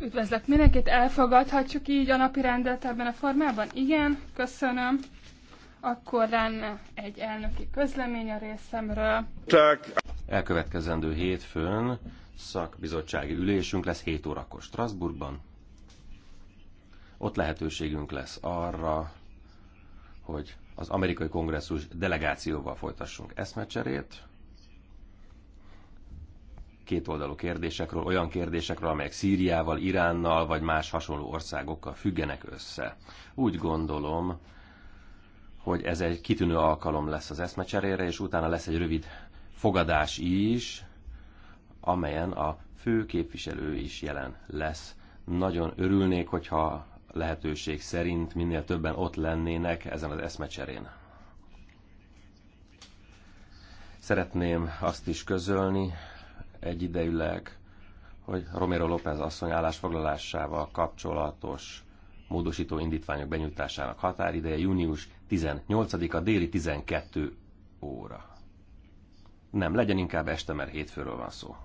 Üdvözlök mindenkit, elfogadhatjuk így a napi rendet ebben a formában? Igen, köszönöm. Akkor lenne egy elnöki közlemény a részemről. Csak. Elkövetkezendő hétfőn szakbizottsági ülésünk lesz 7 órakor Strasbourgban. Ott lehetőségünk lesz arra, hogy az amerikai kongresszus delegációval folytassunk eszmecserét, kétoldalú kérdésekről, olyan kérdésekről, amelyek Szíriával, Iránnal vagy más hasonló országokkal függenek össze. Úgy gondolom, hogy ez egy kitűnő alkalom lesz az eszmecserére, és utána lesz egy rövid fogadás is, amelyen a fő képviselő is jelen lesz. Nagyon örülnék, hogyha lehetőség szerint minél többen ott lennének ezen az eszmecserén. Szeretném azt is közölni, egyidejűleg, hogy Romero López asszony állásfoglalásával kapcsolatos módosító indítványok benyújtásának határideje június 18-a déli 12 óra. Nem, legyen inkább este, mert hétfőről van szó.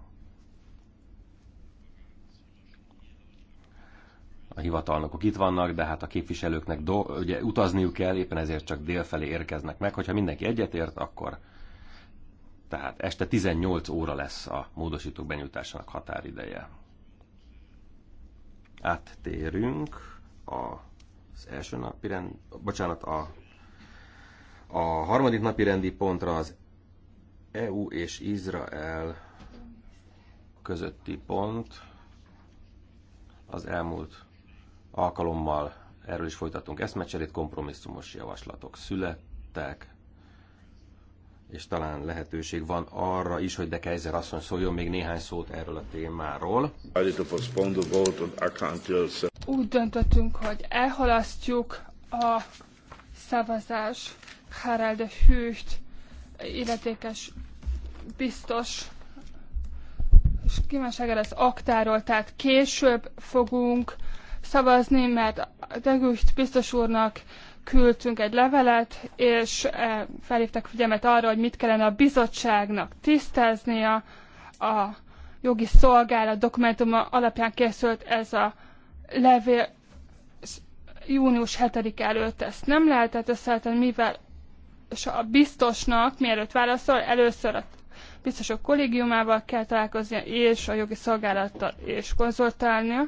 A hivatalnokok itt vannak, de hát a képviselőknek do- ugye utazniuk kell, éppen ezért csak délfelé érkeznek meg. Hogyha mindenki egyetért, akkor tehát este 18 óra lesz a módosítók benyújtásának határideje. Áttérünk az első napi rend, bocsánat, a, a harmadik napi rendi pontra az EU és Izrael közötti pont. Az elmúlt alkalommal erről is folytatunk eszmecserét, kompromisszumos javaslatok születtek, és talán lehetőség van arra is, hogy de Kejzer asszony szóljon még néhány szót erről a témáról. Úgy döntöttünk, hogy elhalasztjuk a szavazás Harald Hűt illetékes biztos és kívánsága lesz aktáról, tehát később fogunk szavazni, mert Degüst biztos úrnak küldtünk egy levelet, és eh, felhívtak figyelmet arra, hogy mit kellene a bizottságnak tisztáznia. A jogi szolgálat dokumentuma alapján készült ez a levél június 7 előtt ezt nem lehetett összeállítani, mivel és a biztosnak, mielőtt válaszol, először a biztosok kollégiumával kell találkoznia, és a jogi szolgálattal és konzultálnia,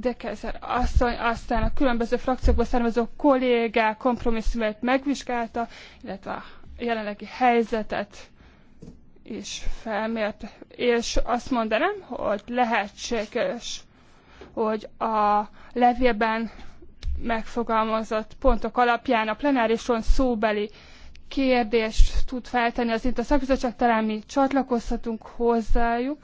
de asszony, aztán a különböző frakciókból származó kollégák kompromisszumát megvizsgálta, illetve a jelenlegi helyzetet is felmért, és azt mondanám, hogy lehetséges, hogy a levélben megfogalmazott pontok alapján a plenárison szóbeli kérdést tud feltenni az itt a szakbizottság, talán mi csatlakozhatunk hozzájuk,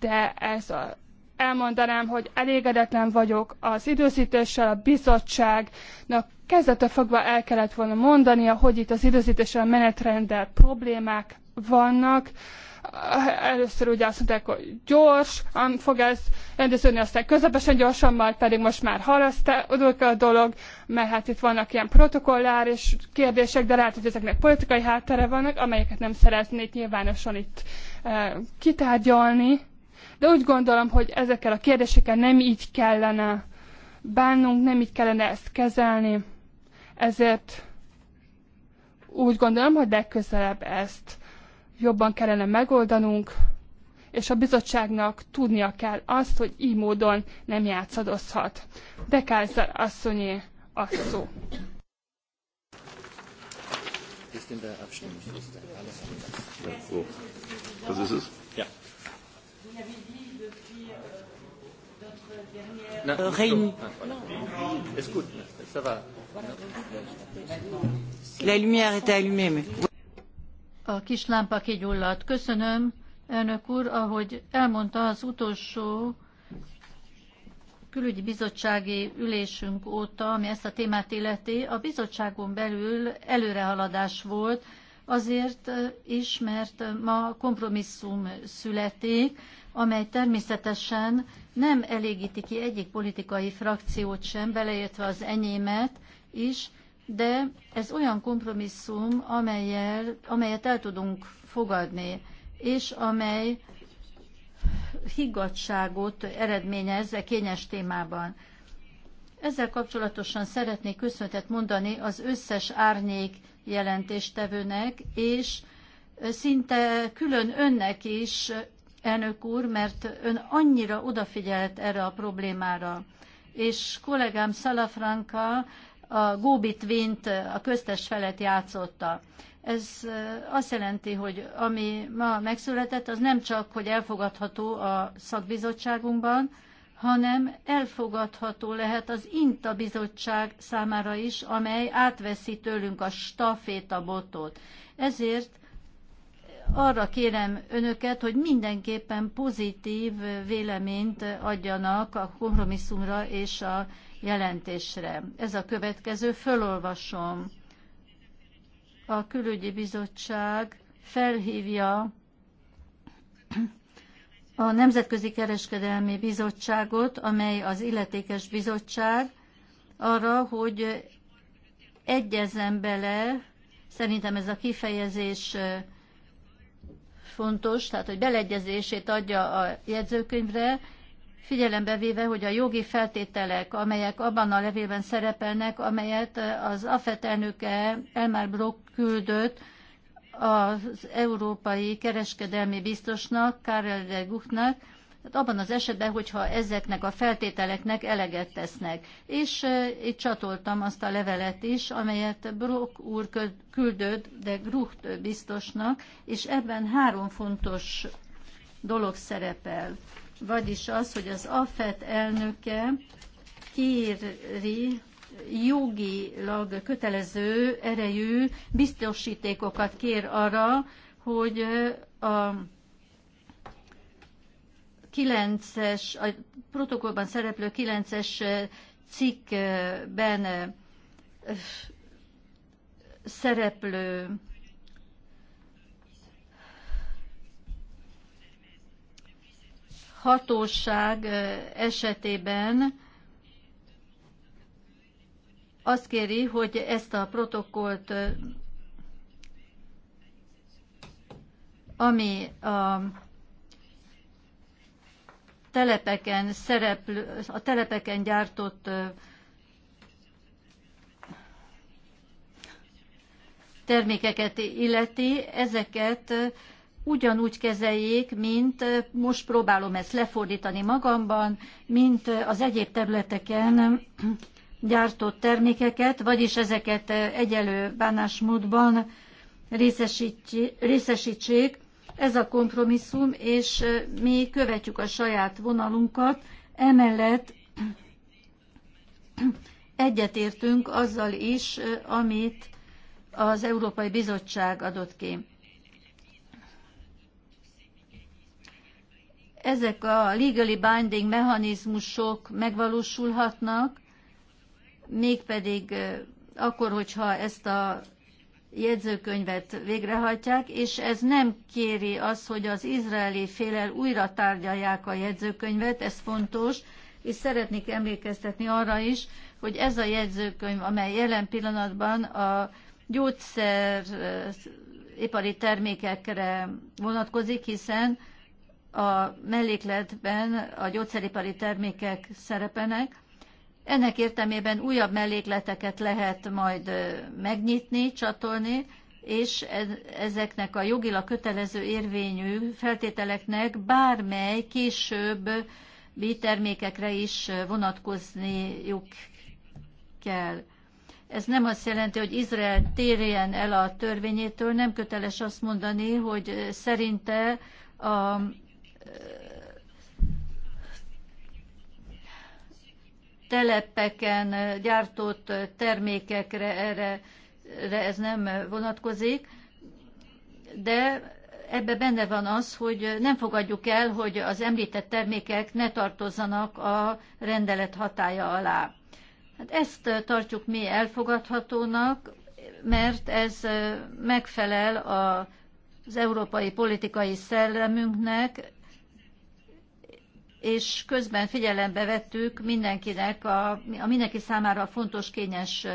de ez a elmondanám, hogy elégedetlen vagyok az időzítéssel, a bizottságnak kezdete fogva el kellett volna mondania, hogy itt az időzítéssel menetrenddel problémák vannak. Először ugye azt mondták, hogy gyors, fog ez rendeződni, aztán közepesen gyorsan, majd pedig most már halasztódik a dolog, mert hát itt vannak ilyen protokolláris kérdések, de lehet, hogy ezeknek politikai háttere vannak, amelyeket nem szeretnék nyilvánosan itt e, kitárgyalni de úgy gondolom, hogy ezekkel a kérdésekkel nem így kellene bánnunk, nem így kellene ezt kezelni. Ezért úgy gondolom, hogy legközelebb ezt jobban kellene megoldanunk, és a bizottságnak tudnia kell azt, hogy így módon nem játszadozhat. De Kázár asszonyé a szó. Ist in der Euh, La lumière est allumée, mais... A kis lámpa kigyulladt. Köszönöm, elnök úr, ahogy elmondta az utolsó külügyi bizottsági ülésünk óta, ami ezt a témát illeti, a bizottságon belül előrehaladás volt, azért is, mert ma kompromisszum születik, amely természetesen nem elégíti ki egyik politikai frakciót sem, beleértve az enyémet is, de ez olyan kompromisszum, amelyel, amelyet el tudunk fogadni, és amely higgadságot eredményez a e kényes témában. Ezzel kapcsolatosan szeretnék köszöntet mondani az összes árnyék jelentéstevőnek, és szinte külön önnek is, elnök úr, mert ön annyira odafigyelt erre a problémára. És kollégám Salafranca a góbitvényt a köztes felet játszotta. Ez azt jelenti, hogy ami ma megszületett, az nem csak, hogy elfogadható a szakbizottságunkban, hanem elfogadható lehet az INTA bizottság számára is, amely átveszi tőlünk a stafétabotot. Ezért arra kérem önöket, hogy mindenképpen pozitív véleményt adjanak a kompromisszumra és a jelentésre. Ez a következő, fölolvasom. A külügyi bizottság felhívja a Nemzetközi Kereskedelmi Bizottságot, amely az illetékes bizottság arra, hogy egyezzen bele, szerintem ez a kifejezés fontos, tehát hogy beleegyezését adja a jegyzőkönyvre, figyelembe véve, hogy a jogi feltételek, amelyek abban a levélben szerepelnek, amelyet az AFET elnöke Elmar Brock küldött az európai kereskedelmi biztosnak, Karel de Guchtnak, hát abban az esetben, hogyha ezeknek a feltételeknek eleget tesznek. És itt csatoltam azt a levelet is, amelyet Brock úr küldött, de Grucht biztosnak, és ebben három fontos dolog szerepel. Vagyis az, hogy az AFET elnöke kéri jogilag kötelező erejű biztosítékokat kér arra, hogy a 9-es, a protokollban szereplő 9-es cikkben szereplő hatóság esetében azt kéri, hogy ezt a protokollt, ami a telepeken szereplő, a telepeken gyártott termékeket illeti, ezeket ugyanúgy kezeljék, mint most próbálom ezt lefordítani magamban, mint az egyéb területeken gyártott termékeket, vagyis ezeket eh, egyelő bánásmódban részesítsék. Ez a kompromisszum, és eh, mi követjük a saját vonalunkat, emellett egyetértünk azzal is, eh, amit az Európai Bizottság adott ki. Ezek a legally binding mechanizmusok megvalósulhatnak, mégpedig akkor, hogyha ezt a jegyzőkönyvet végrehajtják, és ez nem kéri az, hogy az izraeli félel újra tárgyalják a jegyzőkönyvet, ez fontos, és szeretnék emlékeztetni arra is, hogy ez a jegyzőkönyv, amely jelen pillanatban a gyógyszer ipari termékekre vonatkozik, hiszen a mellékletben a gyógyszeripari termékek szerepelnek, ennek értelmében újabb mellékleteket lehet majd megnyitni, csatolni, és ezeknek a jogilag kötelező érvényű feltételeknek bármely később mi termékekre is vonatkozniuk kell. Ez nem azt jelenti, hogy Izrael térjen el a törvényétől, nem köteles azt mondani, hogy szerinte a telepeken gyártott termékekre erre, erre ez nem vonatkozik, de ebbe benne van az, hogy nem fogadjuk el, hogy az említett termékek ne tartozzanak a rendelet hatája alá. Hát ezt tartjuk mi elfogadhatónak, mert ez megfelel az európai politikai szellemünknek, és közben figyelembe vettük mindenkinek a, a mindenki számára fontos kényes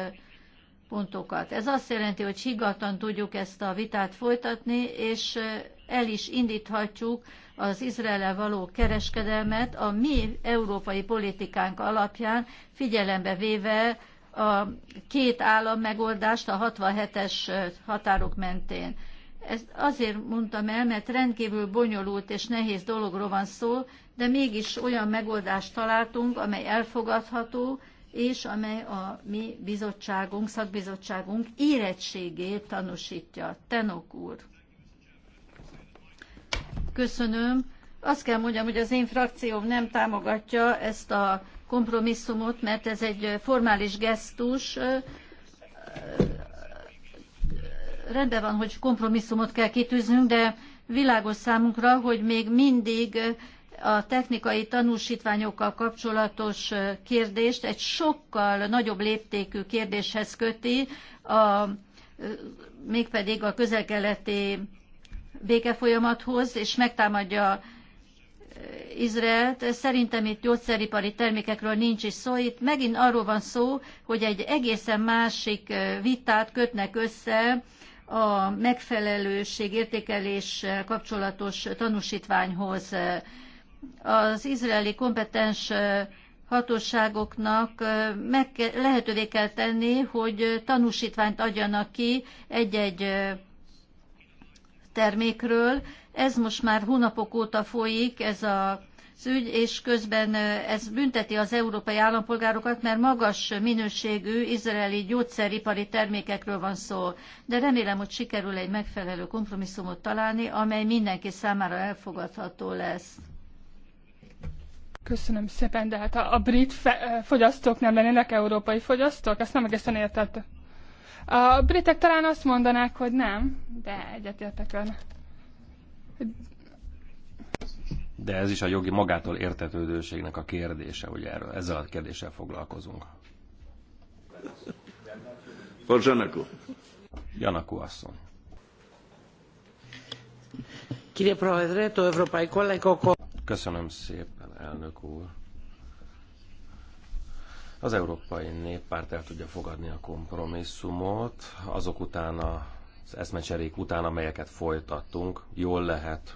pontokat. Ez azt jelenti, hogy higgadtan tudjuk ezt a vitát folytatni, és el is indíthatjuk az izrael való kereskedelmet a mi európai politikánk alapján, figyelembe véve a két állam megoldást a 67-es határok mentén. Ezt azért mondtam el, mert rendkívül bonyolult és nehéz dologról van szó, de mégis olyan megoldást találtunk, amely elfogadható, és amely a mi bizottságunk, szakbizottságunk érettségét tanúsítja. Tenok úr. Köszönöm. Azt kell mondjam, hogy az én frakcióm nem támogatja ezt a kompromisszumot, mert ez egy formális gesztus, rendben van, hogy kompromisszumot kell kitűznünk, de világos számunkra, hogy még mindig a technikai tanúsítványokkal kapcsolatos kérdést egy sokkal nagyobb léptékű kérdéshez köti, a, mégpedig a közelkeleti békefolyamathoz, és megtámadja Izraelt. Szerintem itt gyógyszeripari termékekről nincs is szó. Itt megint arról van szó, hogy egy egészen másik vitát kötnek össze a megfelelőség értékelés kapcsolatos tanúsítványhoz. Az izraeli kompetens hatóságoknak meg lehetővé kell tenni, hogy tanúsítványt adjanak ki egy-egy termékről. Ez most már hónapok óta folyik, ez a ügy, és közben ez bünteti az európai állampolgárokat, mert magas minőségű izraeli gyógyszeripari termékekről van szó. De remélem, hogy sikerül egy megfelelő kompromisszumot találni, amely mindenki számára elfogadható lesz. Köszönöm szépen, de hát a, a brit fe, fogyasztók nem lennének európai fogyasztók? Ezt nem egészen értettem. A britek talán azt mondanák, hogy nem, de egyetértek ön. De ez is a jogi magától értetődőségnek a kérdése, hogy erről, ezzel a kérdéssel foglalkozunk. Borzsanakó. Janakó asszony. Köszönöm szépen, elnök úr. Az Európai Néppárt el tudja fogadni a kompromisszumot, azok után az eszmecserék után, amelyeket folytattunk, jól lehet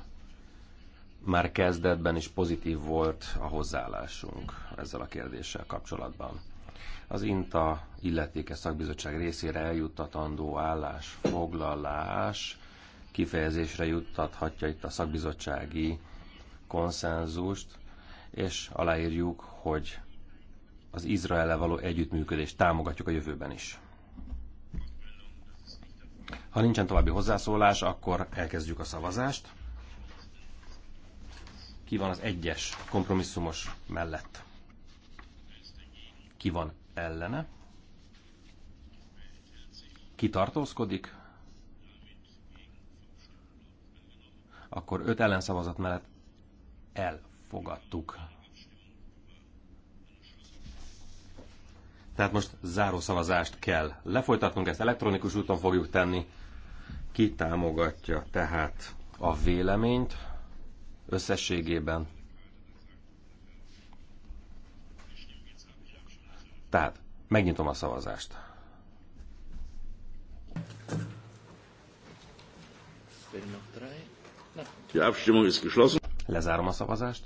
már kezdetben is pozitív volt a hozzáállásunk ezzel a kérdéssel kapcsolatban. Az INTA illetékes szakbizottság részére eljuttatandó állás, foglalás, kifejezésre juttathatja itt a szakbizottsági konszenzust, és aláírjuk, hogy az izrael való együttműködést támogatjuk a jövőben is. Ha nincsen további hozzászólás, akkor elkezdjük a szavazást. Ki van az egyes kompromisszumos mellett? Ki van ellene? Ki tartózkodik? Akkor öt ellenszavazat mellett elfogadtuk. Tehát most zárószavazást kell lefolytatnunk, ezt elektronikus úton fogjuk tenni. Ki támogatja tehát a véleményt? összességében. Tehát, megnyitom a szavazást. Lezárom a szavazást.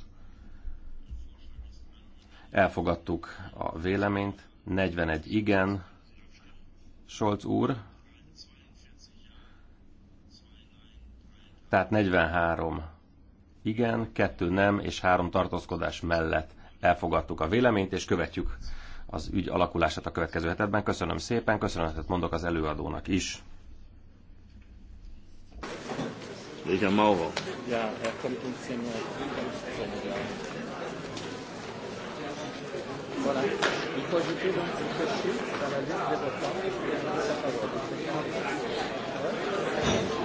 Elfogadtuk a véleményt. 41 igen. Scholz úr. Tehát 43 igen, kettő nem és három tartózkodás mellett elfogadtuk a véleményt, és követjük az ügy alakulását a következő hetetben. Köszönöm szépen, köszönetet mondok az előadónak is. Igen, Mauro. Ja, er kommt Voilà. Il faut ajouter donc ce la liste des votants et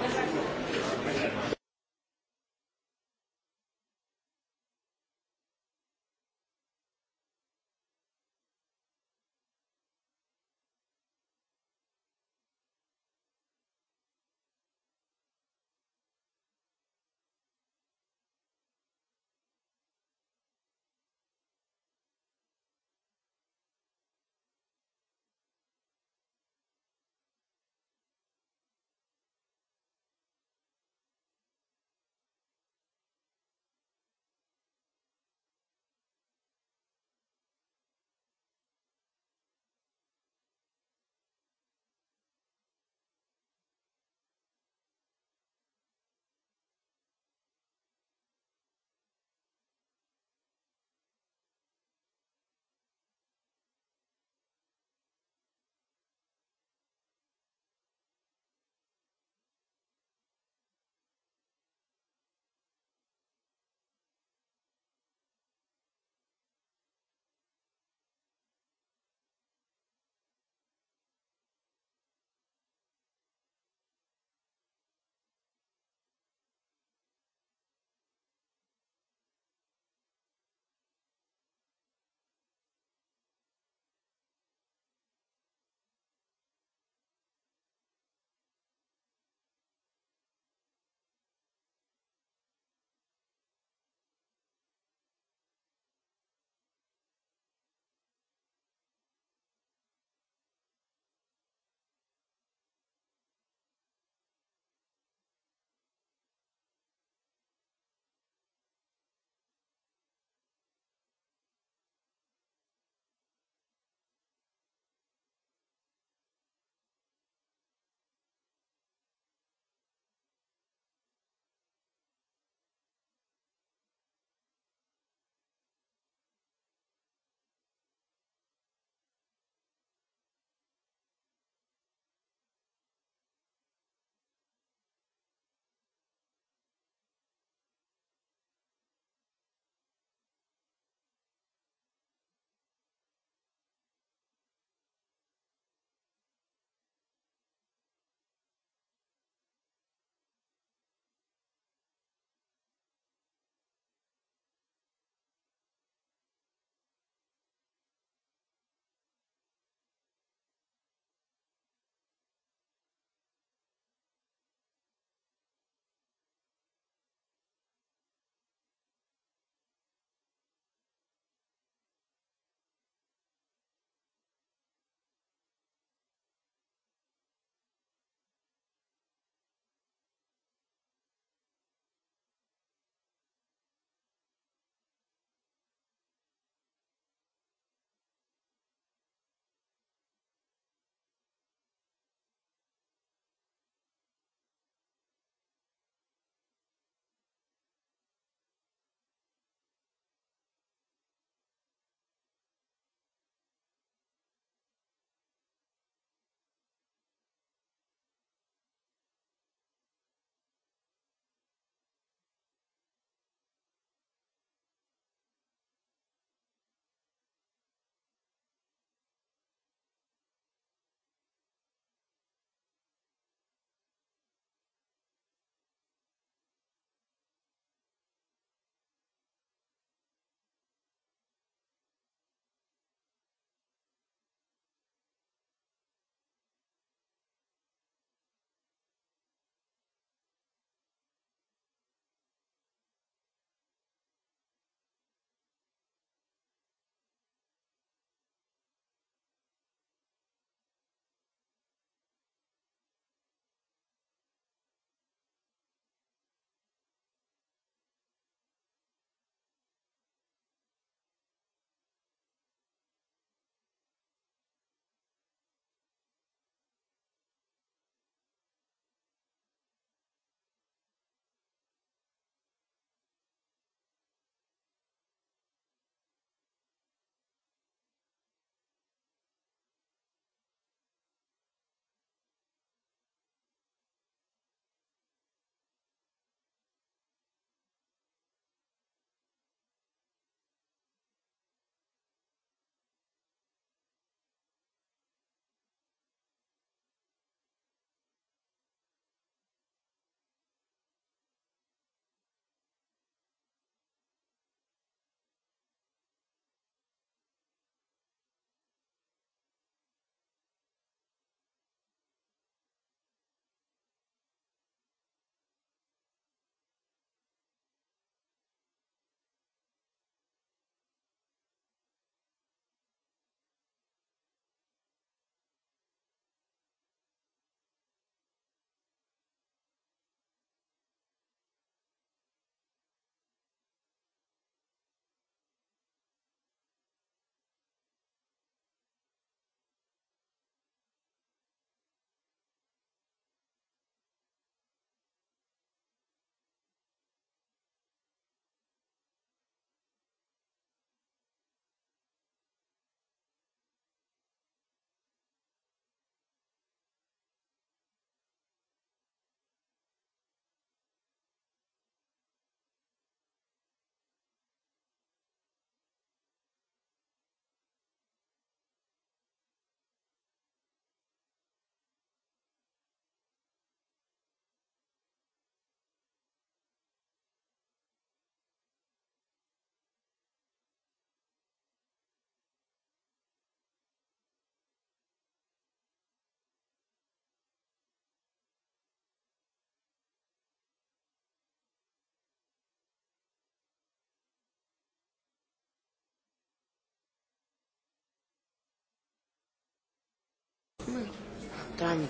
Trány.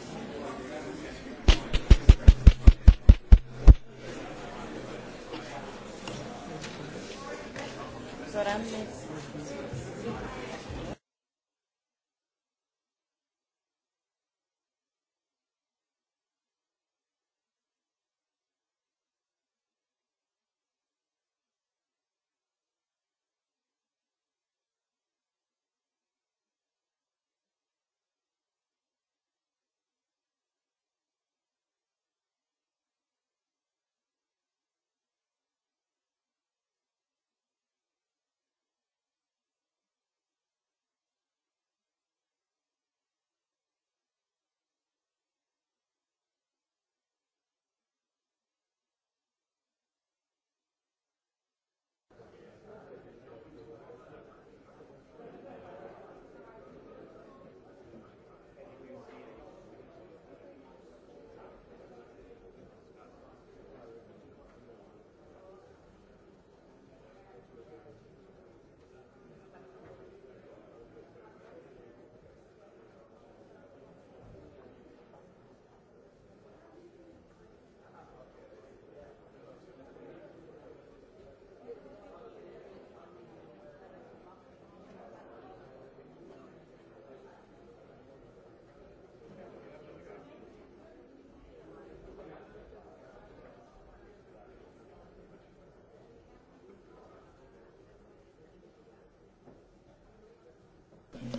Zorán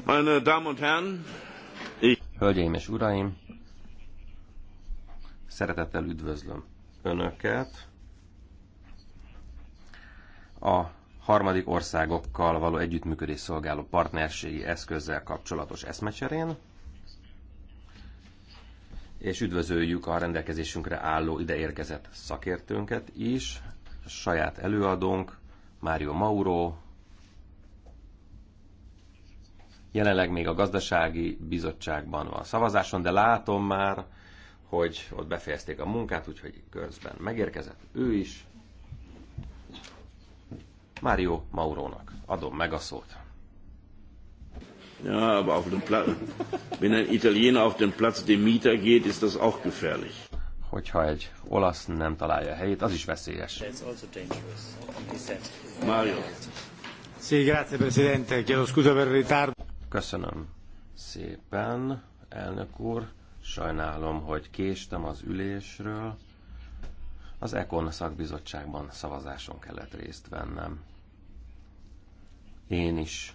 Meine Damen und Herren, ich... Hölgyeim és Uraim, szeretettel üdvözlöm Önöket a harmadik országokkal való együttműködés szolgáló partnerségi eszközzel kapcsolatos eszmecserén, és üdvözöljük a rendelkezésünkre álló ideérkezett szakértőnket is, saját előadónk, Mário Mauro, Jelenleg még a gazdasági bizottságban van szavazáson, de látom már, hogy ott befejezték a munkát, úgyhogy közben megérkezett ő is. Mário Maurónak adom meg a szót. Ja, aber auf dem Platz, wenn ein Italiener auf den Platz dem Mieter geht, ist das auch gefährlich. Hogyha egy olasz nem találja a helyét, az is veszélyes. Mario. Sì, grazie Presidente, chiedo scusa per il ritardo. Köszönöm szépen, elnök úr. Sajnálom, hogy késtem az ülésről. Az Ekon szakbizottságban szavazáson kellett részt vennem. Én is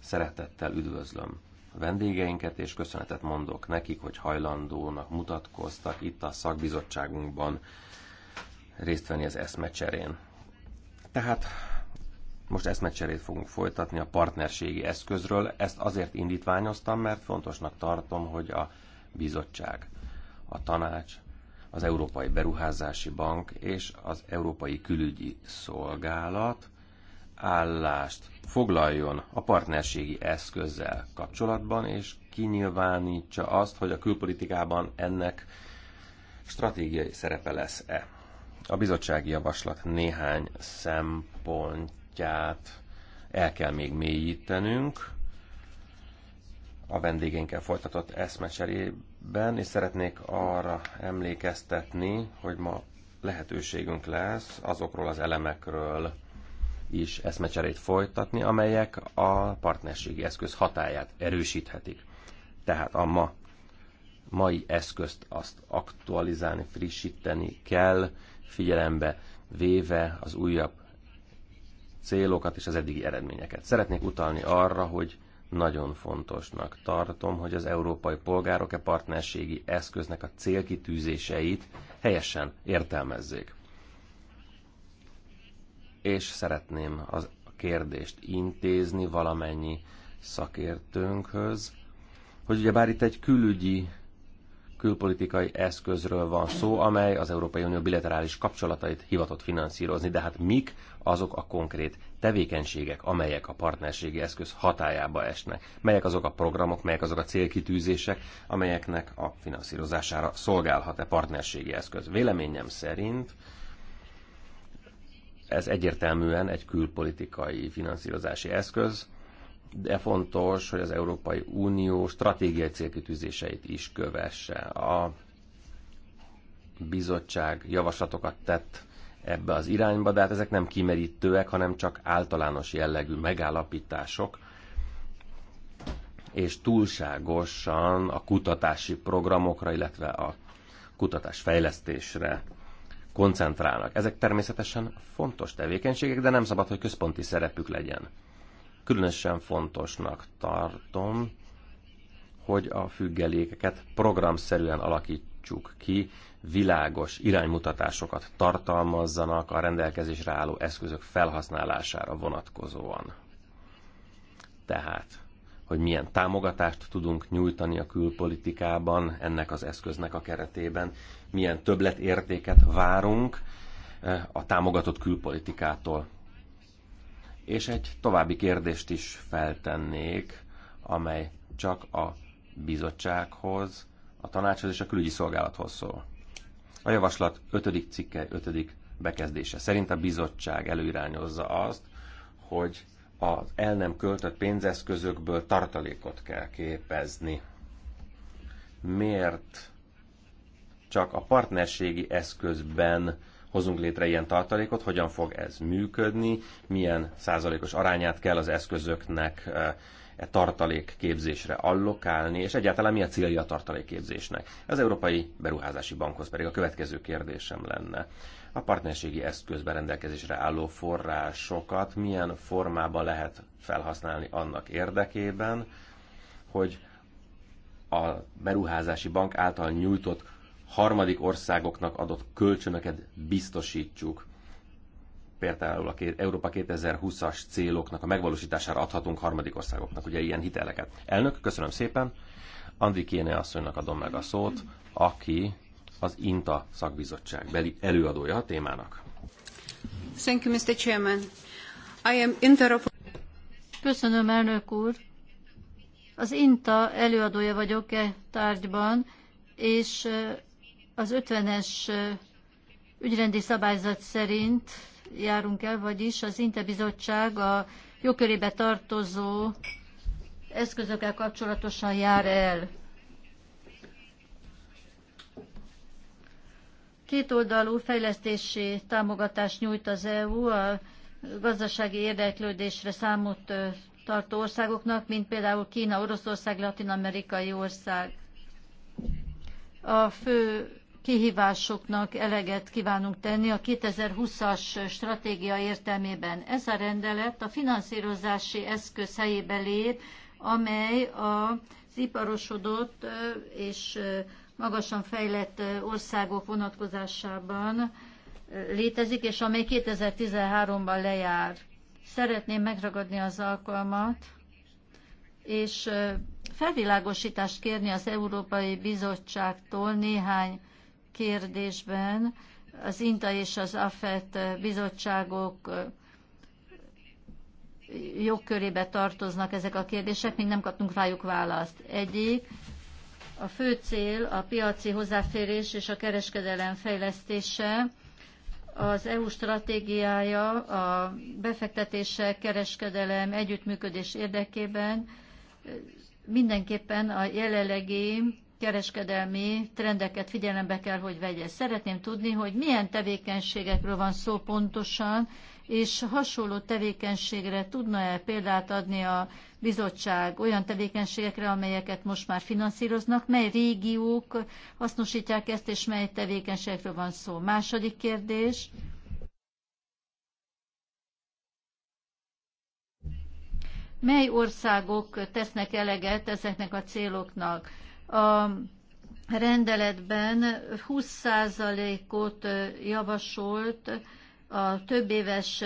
szeretettel üdvözlöm a vendégeinket, és köszönetet mondok nekik, hogy hajlandónak mutatkoztak itt a szakbizottságunkban részt venni az eszmecserén. Tehát most eszmecserét fogunk folytatni a partnerségi eszközről. Ezt azért indítványoztam, mert fontosnak tartom, hogy a bizottság, a tanács, az Európai Beruházási Bank és az Európai Külügyi Szolgálat állást foglaljon a partnerségi eszközzel kapcsolatban, és kinyilvánítsa azt, hogy a külpolitikában ennek stratégiai szerepe lesz-e. A bizottsági javaslat néhány szempont aspektusát el kell még mélyítenünk a vendégénkkel folytatott eszmecserében, és szeretnék arra emlékeztetni, hogy ma lehetőségünk lesz azokról az elemekről is eszmecserét folytatni, amelyek a partnerségi eszköz hatáját erősíthetik. Tehát a ma mai eszközt azt aktualizálni, frissíteni kell, figyelembe véve az újabb célokat és az eddigi eredményeket. Szeretnék utalni arra, hogy nagyon fontosnak tartom, hogy az európai polgárok e partnerségi eszköznek a célkitűzéseit helyesen értelmezzék. És szeretném az kérdést intézni valamennyi szakértőnkhöz, hogy ugyebár itt egy külügyi külpolitikai eszközről van szó, amely az Európai Unió bilaterális kapcsolatait hivatott finanszírozni, de hát mik azok a konkrét tevékenységek, amelyek a partnerségi eszköz hatájába esnek? Melyek azok a programok, melyek azok a célkitűzések, amelyeknek a finanszírozására szolgálhat-e partnerségi eszköz? Véleményem szerint ez egyértelműen egy külpolitikai finanszírozási eszköz, de fontos, hogy az Európai Unió stratégiai célkitűzéseit is kövesse. A bizottság javaslatokat tett ebbe az irányba, de hát ezek nem kimerítőek, hanem csak általános jellegű megállapítások, és túlságosan a kutatási programokra, illetve a kutatásfejlesztésre koncentrálnak. Ezek természetesen fontos tevékenységek, de nem szabad, hogy központi szerepük legyen. Különösen fontosnak tartom, hogy a függelékeket programszerűen alakítsuk ki, világos iránymutatásokat tartalmazzanak a rendelkezésre álló eszközök felhasználására vonatkozóan. Tehát, hogy milyen támogatást tudunk nyújtani a külpolitikában ennek az eszköznek a keretében, milyen többletértéket várunk eh, a támogatott külpolitikától. És egy további kérdést is feltennék, amely csak a bizottsághoz, a tanácshoz és a külügyi szolgálathoz szól. A javaslat 5. cikke, 5. bekezdése szerint a bizottság előirányozza azt, hogy az el nem költött pénzeszközökből tartalékot kell képezni. Miért csak a partnerségi eszközben hozunk létre ilyen tartalékot, hogyan fog ez működni, milyen százalékos arányát kell az eszközöknek e tartalék képzésre allokálni, és egyáltalán mi a célja a tartalék képzésnek. Az Európai Beruházási Bankhoz pedig a következő kérdésem lenne. A partnerségi eszközben rendelkezésre álló forrásokat milyen formában lehet felhasználni annak érdekében, hogy a beruházási bank által nyújtott harmadik országoknak adott kölcsönöket biztosítsuk. Például a két Európa 2020-as céloknak a megvalósítására adhatunk harmadik országoknak ugye ilyen hiteleket. Elnök, köszönöm szépen. Andi Kéne asszonynak adom meg a szót, aki az INTA szakbizottság beli előadója a témának. Thank you, Mr. Chairman. I am interop- Köszönöm, elnök úr. Az INTA előadója vagyok e tárgyban, és az 50-es ügyrendi szabályzat szerint járunk el, vagyis az Interbizottság a jogkörébe tartozó eszközökkel kapcsolatosan jár el. Kétoldalú fejlesztési támogatást nyújt az EU a gazdasági érdeklődésre számot tartó országoknak, mint például Kína, Oroszország, Latin-amerikai ország. A fő kihívásoknak eleget kívánunk tenni a 2020-as stratégia értelmében. Ez a rendelet a finanszírozási eszköz helyébe lép, amely az iparosodott és magasan fejlett országok vonatkozásában létezik, és amely 2013-ban lejár. Szeretném megragadni az alkalmat, és felvilágosítást kérni az Európai Bizottságtól néhány kérdésben az INTA és az AFET bizottságok jogkörébe tartoznak ezek a kérdések, még nem kaptunk rájuk választ. Egyik, a fő cél a piaci hozzáférés és a kereskedelem fejlesztése, az EU stratégiája a befektetések, kereskedelem, együttműködés érdekében mindenképpen a jelenlegi kereskedelmi trendeket figyelembe kell, hogy vegye. Szeretném tudni, hogy milyen tevékenységekről van szó pontosan, és hasonló tevékenységre tudna-e példát adni a bizottság olyan tevékenységekre, amelyeket most már finanszíroznak, mely régiók hasznosítják ezt, és mely tevékenységekről van szó. Második kérdés. Mely országok tesznek eleget ezeknek a céloknak? a rendeletben 20%-ot javasolt a éves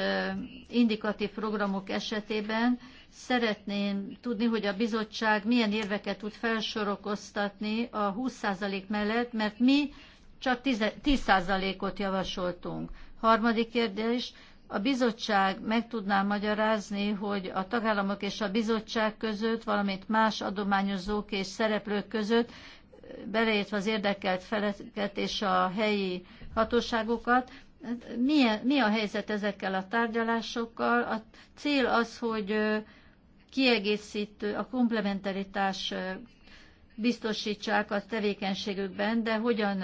indikatív programok esetében. Szeretném tudni, hogy a bizottság milyen érveket tud felsorokoztatni a 20% mellett, mert mi csak 10%-ot javasoltunk. Harmadik kérdés, a bizottság meg tudná magyarázni, hogy a tagállamok és a bizottság között, valamint más adományozók és szereplők között, beleértve az érdekelt feleket és a helyi hatóságokat, milyen, mi a helyzet ezekkel a tárgyalásokkal? A cél az, hogy kiegészítő, a komplementaritás biztosítsák a tevékenységükben, de hogyan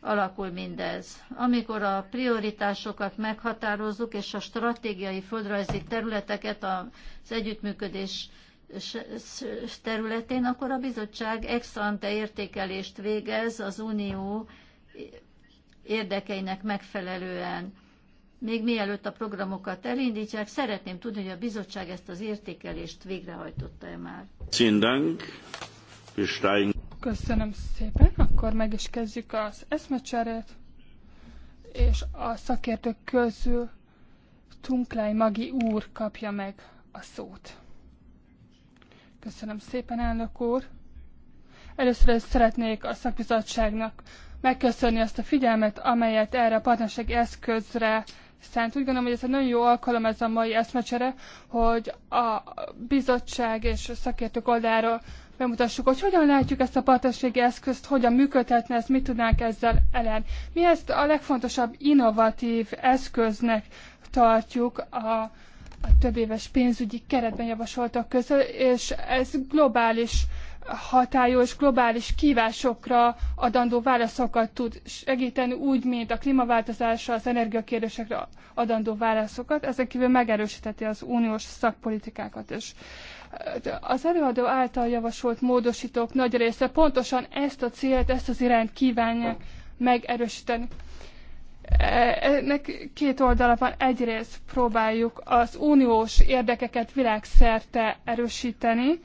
alakul mindez. Amikor a prioritásokat meghatározzuk, és a stratégiai földrajzi területeket az együttműködés területén, akkor a bizottság ex ante értékelést végez az unió érdekeinek megfelelően. Még mielőtt a programokat elindítják, szeretném tudni, hogy a bizottság ezt az értékelést végrehajtotta-e már. Köszönöm. Köszönöm szépen, akkor meg is kezdjük az eszmecserét, és a szakértők közül Tunklai Magi úr kapja meg a szót. Köszönöm szépen, elnök úr. Először is szeretnék a szakbizottságnak megköszönni azt a figyelmet, amelyet erre a partnerségi eszközre szent. Úgy gondolom, hogy ez egy nagyon jó alkalom ez a mai eszmecsere, hogy a bizottság és a szakértők oldaláról bemutassuk, hogy hogyan látjuk ezt a partnerségi eszközt, hogyan működhetne ezt, mit tudnánk ezzel elérni. Mi ezt a legfontosabb innovatív eszköznek tartjuk a, a több éves pénzügyi keretben javasoltak közül, és ez globális hatályos globális kívásokra adandó válaszokat tud segíteni, úgy, mint a klímaváltozásra, az energiakérdésekre adandó válaszokat. Ezen kívül megerősíteti az uniós szakpolitikákat is az előadó által javasolt módosítók nagy része pontosan ezt a célt, ezt az irányt kívánják megerősíteni. Ennek két oldala van. Egyrészt próbáljuk az uniós érdekeket világszerte erősíteni,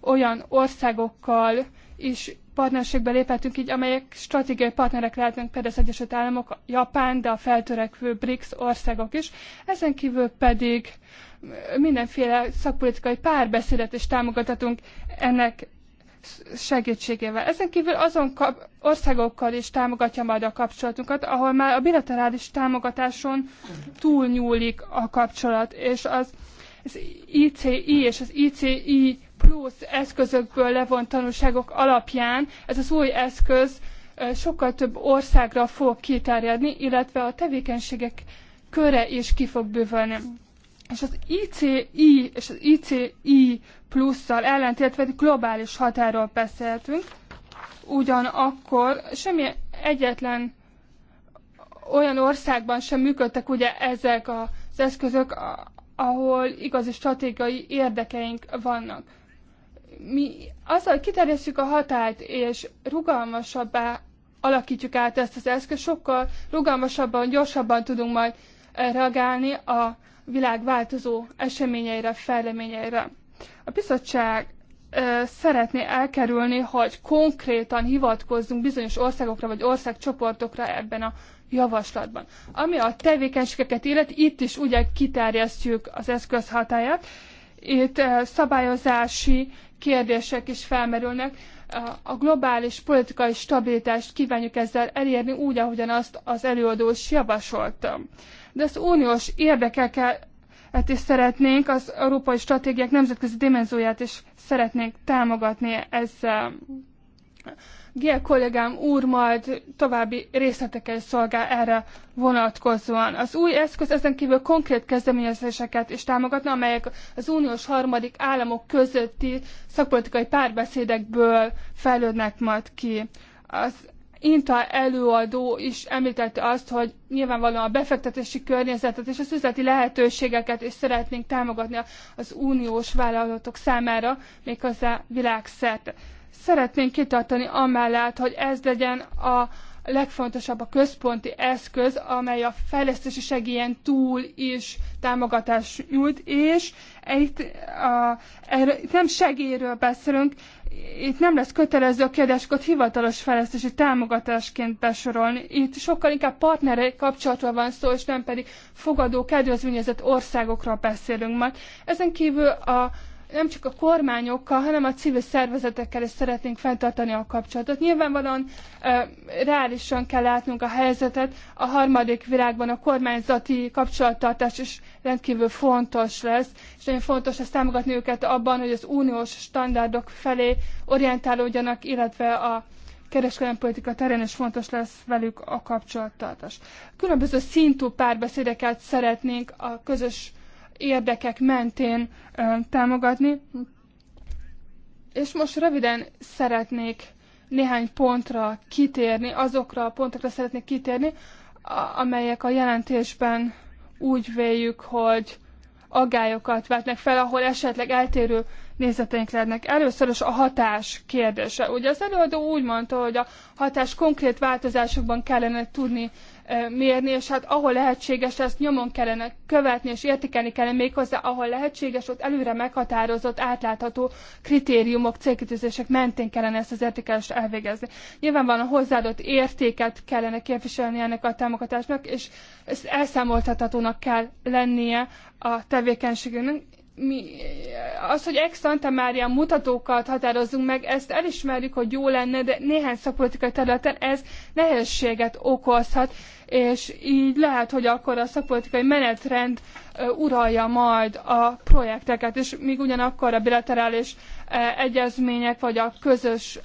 olyan országokkal is partnerségbe léphetünk így, amelyek stratégiai partnerek lehetnek például az Egyesült Államok, Japán, de a feltörekvő BRICS országok is. Ezen kívül pedig mindenféle szakpolitikai párbeszédet is támogathatunk ennek segítségével. Ezen kívül azon országokkal is támogatja majd a kapcsolatunkat, ahol már a bilaterális támogatáson túlnyúlik a kapcsolat, és az, az ICI és az ICI plusz eszközökből levont tanulságok alapján ez az új eszköz sokkal több országra fog kiterjedni, illetve a tevékenységek köre is ki fog bővölni. És az ICI és az ICI plusszal ellentétve globális határól beszéltünk, ugyanakkor semmi egyetlen olyan országban sem működtek ugye ezek az eszközök, ahol igazi stratégiai érdekeink vannak mi azzal kiterjesztjük a hatályt, és rugalmasabbá alakítjuk át ezt az eszközt, sokkal rugalmasabban, gyorsabban tudunk majd eh, reagálni a világ változó eseményeire, fejleményeire. A bizottság eh, szeretné elkerülni, hogy konkrétan hivatkozzunk bizonyos országokra vagy országcsoportokra ebben a javaslatban. Ami a tevékenységeket illeti, itt is ugye kiterjesztjük az eszköz itt eh, szabályozási kérdések is felmerülnek. A globális politikai stabilitást kívánjuk ezzel elérni úgy, ahogyan azt az előadó is javasolta. De az uniós érdekekkel is szeretnénk, az európai stratégiák nemzetközi dimenzióját is szeretnénk támogatni ezzel. Gél kollégám úr majd további részleteket szolgál erre vonatkozóan. Az új eszköz ezen kívül konkrét kezdeményezéseket is támogatna, amelyek az uniós harmadik államok közötti szakpolitikai párbeszédekből fejlődnek majd ki. Az Inta előadó is említette azt, hogy nyilvánvalóan a befektetési környezetet és az üzleti lehetőségeket is szeretnénk támogatni az uniós vállalatok számára, méghozzá világszerte szeretnénk kitartani amellett, hogy ez legyen a legfontosabb, a központi eszköz, amely a fejlesztési segélyen túl is támogatás nyújt, és itt, a, erről, itt nem segélyről beszélünk, itt nem lesz kötelező a kiadásokat hivatalos fejlesztési támogatásként besorolni. Itt sokkal inkább partnere kapcsolatról van szó, és nem pedig fogadó, kedvezményezett országokról beszélünk majd. Ezen kívül a nem csak a kormányokkal, hanem a civil szervezetekkel is szeretnénk fenntartani a kapcsolatot. Nyilvánvalóan e, reálisan kell látnunk a helyzetet. A harmadik világban a kormányzati kapcsolattartás is rendkívül fontos lesz, és nagyon fontos ezt támogatni őket abban, hogy az uniós standardok felé orientálódjanak, illetve a kereskedelmi politika terén is fontos lesz velük a kapcsolattartás. Különböző szintű párbeszédeket szeretnénk a közös érdekek mentén támogatni. És most röviden szeretnék néhány pontra kitérni, azokra a pontokra szeretnék kitérni, amelyek a jelentésben úgy véljük, hogy agályokat vetnek fel, ahol esetleg eltérő nézeteink lennek. Először is a hatás kérdése. Ugye az előadó úgy mondta, hogy a hatás konkrét változásokban kellene tudni mérni, és hát ahol lehetséges, ezt nyomon kellene követni és értékelni kellene méghozzá, ahol lehetséges, ott előre meghatározott, átlátható kritériumok, célkitűzések mentén kellene ezt az értékelést elvégezni. Nyilvánvalóan a hozzáadott értéket kellene képviselni ennek a támogatásnak, és ezt elszámoltathatónak kell lennie a tevékenységünknek, mi, az, hogy ex Santa Maria mutatókat határozzunk meg, ezt elismerjük, hogy jó lenne, de néhány szakpolitikai területen ez nehézséget okozhat, és így lehet, hogy akkor a szakpolitikai menetrend uralja majd a projekteket, és még ugyanakkor a bilaterális egyezmények vagy a közös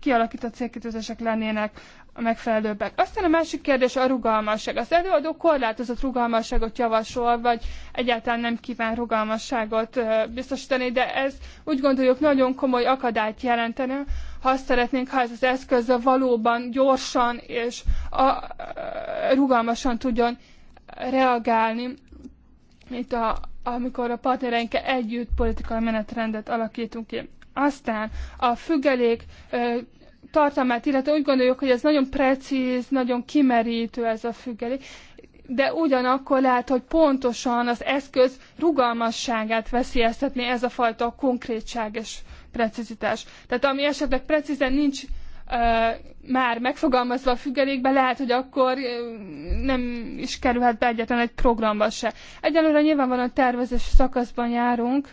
kialakított célkitűzések lennének a megfelelőbbek. Aztán a másik kérdés a rugalmasság. Az előadó korlátozott rugalmasságot javasol, vagy egyáltalán nem kíván rugalmasságot biztosítani, de ez úgy gondoljuk nagyon komoly akadályt jelentene, ha azt szeretnénk, ha ez az eszköz valóban gyorsan és a, rugalmasan tudjon reagálni, mint a, amikor a partnereinkkel együtt politikai menetrendet alakítunk ki. Aztán a függelék tartalmát illetve úgy gondoljuk, hogy ez nagyon precíz, nagyon kimerítő ez a függelék, de ugyanakkor lehet, hogy pontosan az eszköz rugalmasságát veszélyeztetni ez a fajta konkrétság és precizitás. Tehát ami esetleg precízen nincs már megfogalmazva a függelékbe, lehet, hogy akkor nem is kerülhet be egyetlen egy programba se. Egyelőre nyilvánvalóan a tervezés szakaszban járunk,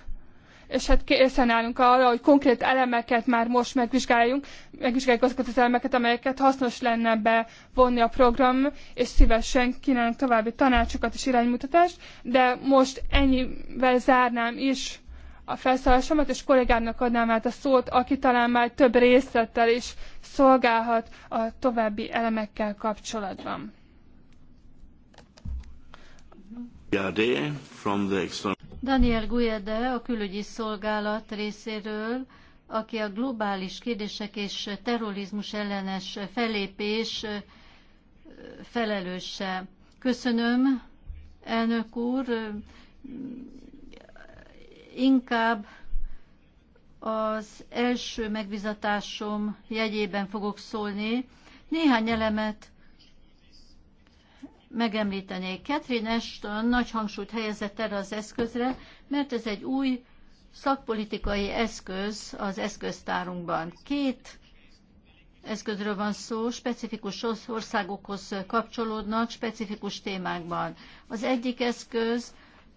és hát készen állunk arra, hogy konkrét elemeket már most megvizsgáljunk, megvizsgáljuk azokat az elemeket, amelyeket hasznos lenne bevonni a program, és szívesen kínálunk további tanácsokat és iránymutatást, de most ennyivel zárnám is a felszólásomat, és kollégámnak adnám át a szót, aki talán már több részlettel is szolgálhat a további elemekkel kapcsolatban. Daniel Guede a külügyi szolgálat részéről, aki a globális kérdések és terrorizmus ellenes felépés felelőse. Köszönöm, elnök úr. Inkább az első megbizatásom jegyében fogok szólni. Néhány elemet megemlíteni. Catherine Ashton nagy hangsúlyt helyezett erre az eszközre, mert ez egy új szakpolitikai eszköz az eszköztárunkban. Két eszközről van szó, specifikus országokhoz kapcsolódnak, specifikus témákban. Az egyik eszköz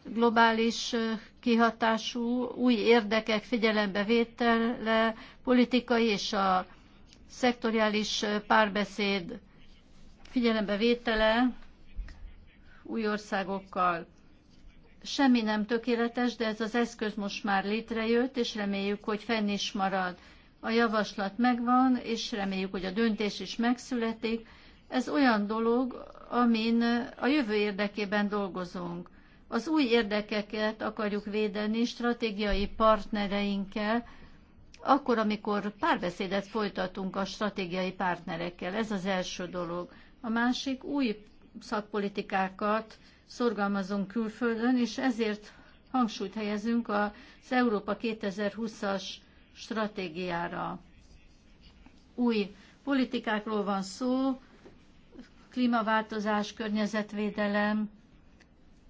globális kihatású, új érdekek figyelembevétele, politikai és a szektoriális párbeszéd figyelembevétele, új országokkal. Semmi nem tökéletes, de ez az eszköz most már létrejött, és reméljük, hogy fenn is marad. A javaslat megvan, és reméljük, hogy a döntés is megszületik. Ez olyan dolog, amin a jövő érdekében dolgozunk. Az új érdekeket akarjuk védeni stratégiai partnereinkkel, akkor, amikor párbeszédet folytatunk a stratégiai partnerekkel. Ez az első dolog. A másik új szakpolitikákat szorgalmazunk külföldön, és ezért hangsúlyt helyezünk az Európa 2020-as stratégiára. Új politikákról van szó, klímaváltozás, környezetvédelem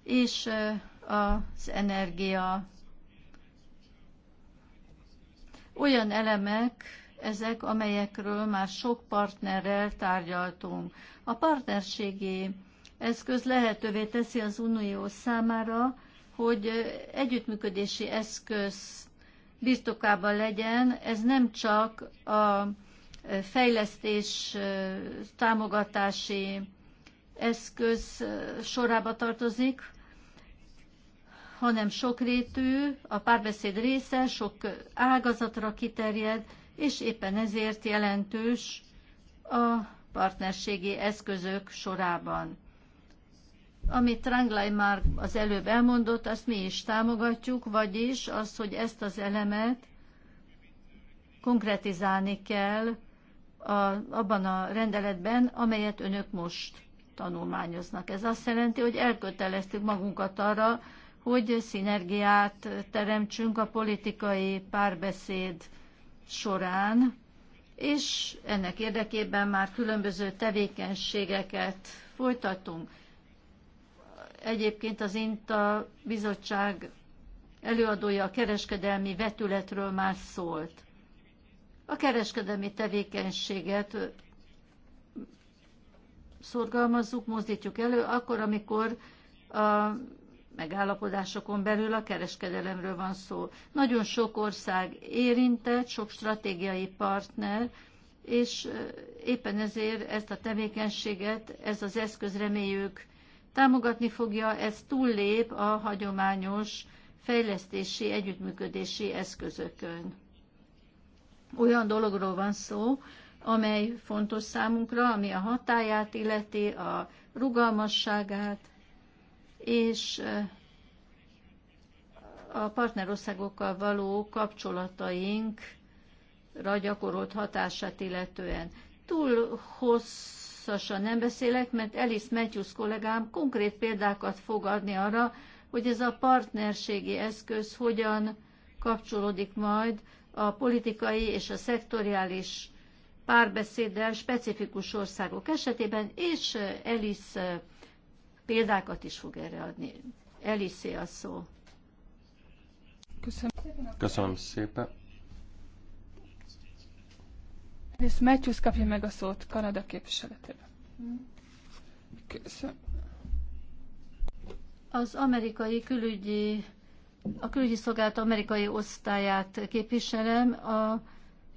és az energia. Olyan elemek ezek, amelyekről már sok partnerrel tárgyaltunk. A partnerségi eszköz lehetővé teszi az Unió számára, hogy együttműködési eszköz birtokában legyen. Ez nem csak a fejlesztés támogatási eszköz sorába tartozik, hanem sokrétű, a párbeszéd része sok ágazatra kiterjed, és éppen ezért jelentős a partnerségi eszközök sorában. Amit Ranglai már az előbb elmondott, azt mi is támogatjuk, vagyis az, hogy ezt az elemet konkretizálni kell a, abban a rendeletben, amelyet önök most tanulmányoznak. Ez azt jelenti, hogy elköteleztük magunkat arra, hogy szinergiát teremtsünk a politikai párbeszéd során, és ennek érdekében már különböző tevékenységeket folytatunk. Egyébként az INTA bizottság előadója a kereskedelmi vetületről már szólt. A kereskedelmi tevékenységet szorgalmazzuk, mozdítjuk elő, akkor, amikor a megállapodásokon belül a kereskedelemről van szó. Nagyon sok ország érintett, sok stratégiai partner, és éppen ezért ezt a tevékenységet, ez az eszköz reméljük támogatni fogja, ez túllép a hagyományos fejlesztési, együttműködési eszközökön. Olyan dologról van szó, amely fontos számunkra, ami a hatáját illeti, a rugalmasságát, és eh, a partnerországokkal való kapcsolatainkra gyakorolt hatását illetően. Túl hosszasan nem beszélek, mert Elis Matthews kollégám konkrét példákat fog adni arra, hogy ez a partnerségi eszköz hogyan kapcsolódik majd a politikai és a szektoriális párbeszéddel specifikus országok esetében, és Elis eh, példákat is fog erre adni. Elisé a szó. Köszönöm Köszönöm szépen. Ez Matthews kapja meg a szót Kanada képviseletében. Köszönöm. Az amerikai külügyi, a külügyi szolgálat amerikai osztályát képviselem. A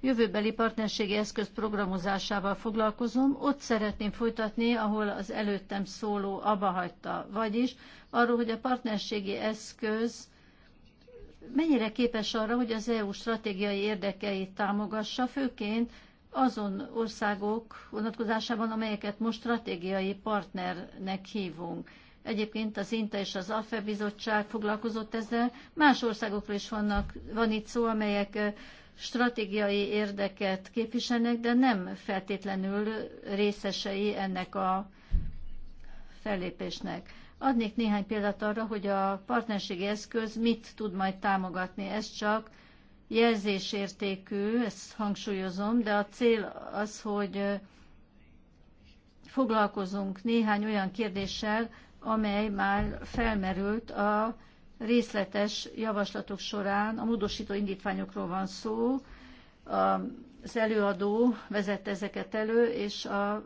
jövőbeli partnerségi eszköz programozásával foglalkozom. Ott szeretném folytatni, ahol az előttem szóló abba hagyta, vagyis arról, hogy a partnerségi eszköz mennyire képes arra, hogy az EU stratégiai érdekeit támogassa, főként azon országok vonatkozásában, amelyeket most stratégiai partnernek hívunk. Egyébként az INTA és az AFE bizottság foglalkozott ezzel. Más országokról is vannak, van itt szó, amelyek stratégiai érdeket képviselnek, de nem feltétlenül részesei ennek a fellépésnek. Adnék néhány példát arra, hogy a partnerségi eszköz mit tud majd támogatni. Ez csak jelzésértékű, ezt hangsúlyozom, de a cél az, hogy foglalkozunk néhány olyan kérdéssel, amely már felmerült a részletes javaslatok során. A módosító indítványokról van szó, az előadó vezette ezeket elő, és a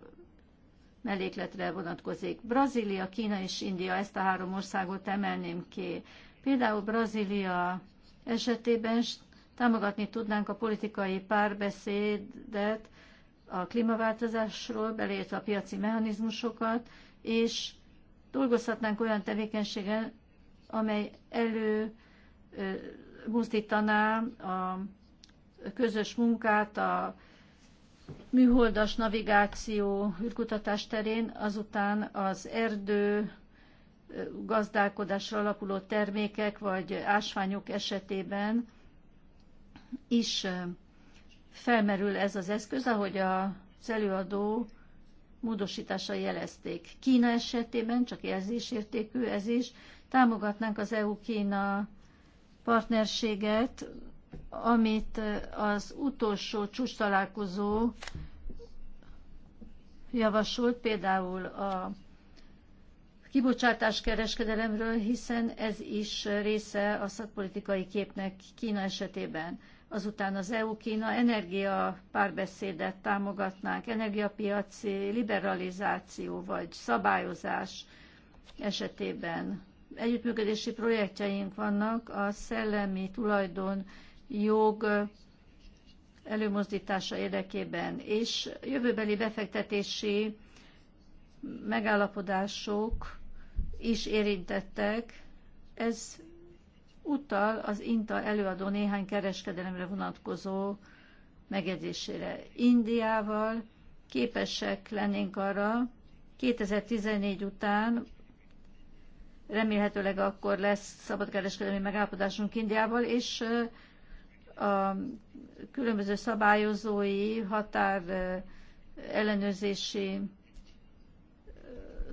mellékletre vonatkozik. Brazília, Kína és India, ezt a három országot emelném ki. Például Brazília esetében támogatni tudnánk a politikai párbeszédet a klímaváltozásról, beleértve a piaci mechanizmusokat, és dolgozhatnánk olyan tevékenységen, amely elő mozdítaná a közös munkát, a műholdas navigáció űrkutatás terén, azután az erdő gazdálkodásra alapuló termékek vagy ásványok esetében is felmerül ez az eszköz, ahogy az előadó módosítása jelezték. Kína esetében, csak jelzésértékű ez is, támogatnánk az EU-Kína partnerséget, amit az utolsó csúcs találkozó javasolt, például a kibocsátás kereskedelemről, hiszen ez is része a szakpolitikai képnek Kína esetében azután az EU-Kína energia párbeszédet támogatnánk, energiapiaci liberalizáció vagy szabályozás esetében. Együttműködési projektjeink vannak a szellemi tulajdon jog előmozdítása érdekében, és jövőbeli befektetési megállapodások is érintettek. Ez utal az INTA előadó néhány kereskedelemre vonatkozó megjegyzésére. Indiával képesek lennénk arra, 2014 után remélhetőleg akkor lesz szabadkereskedelmi megállapodásunk Indiával, és a különböző szabályozói határ ellenőrzési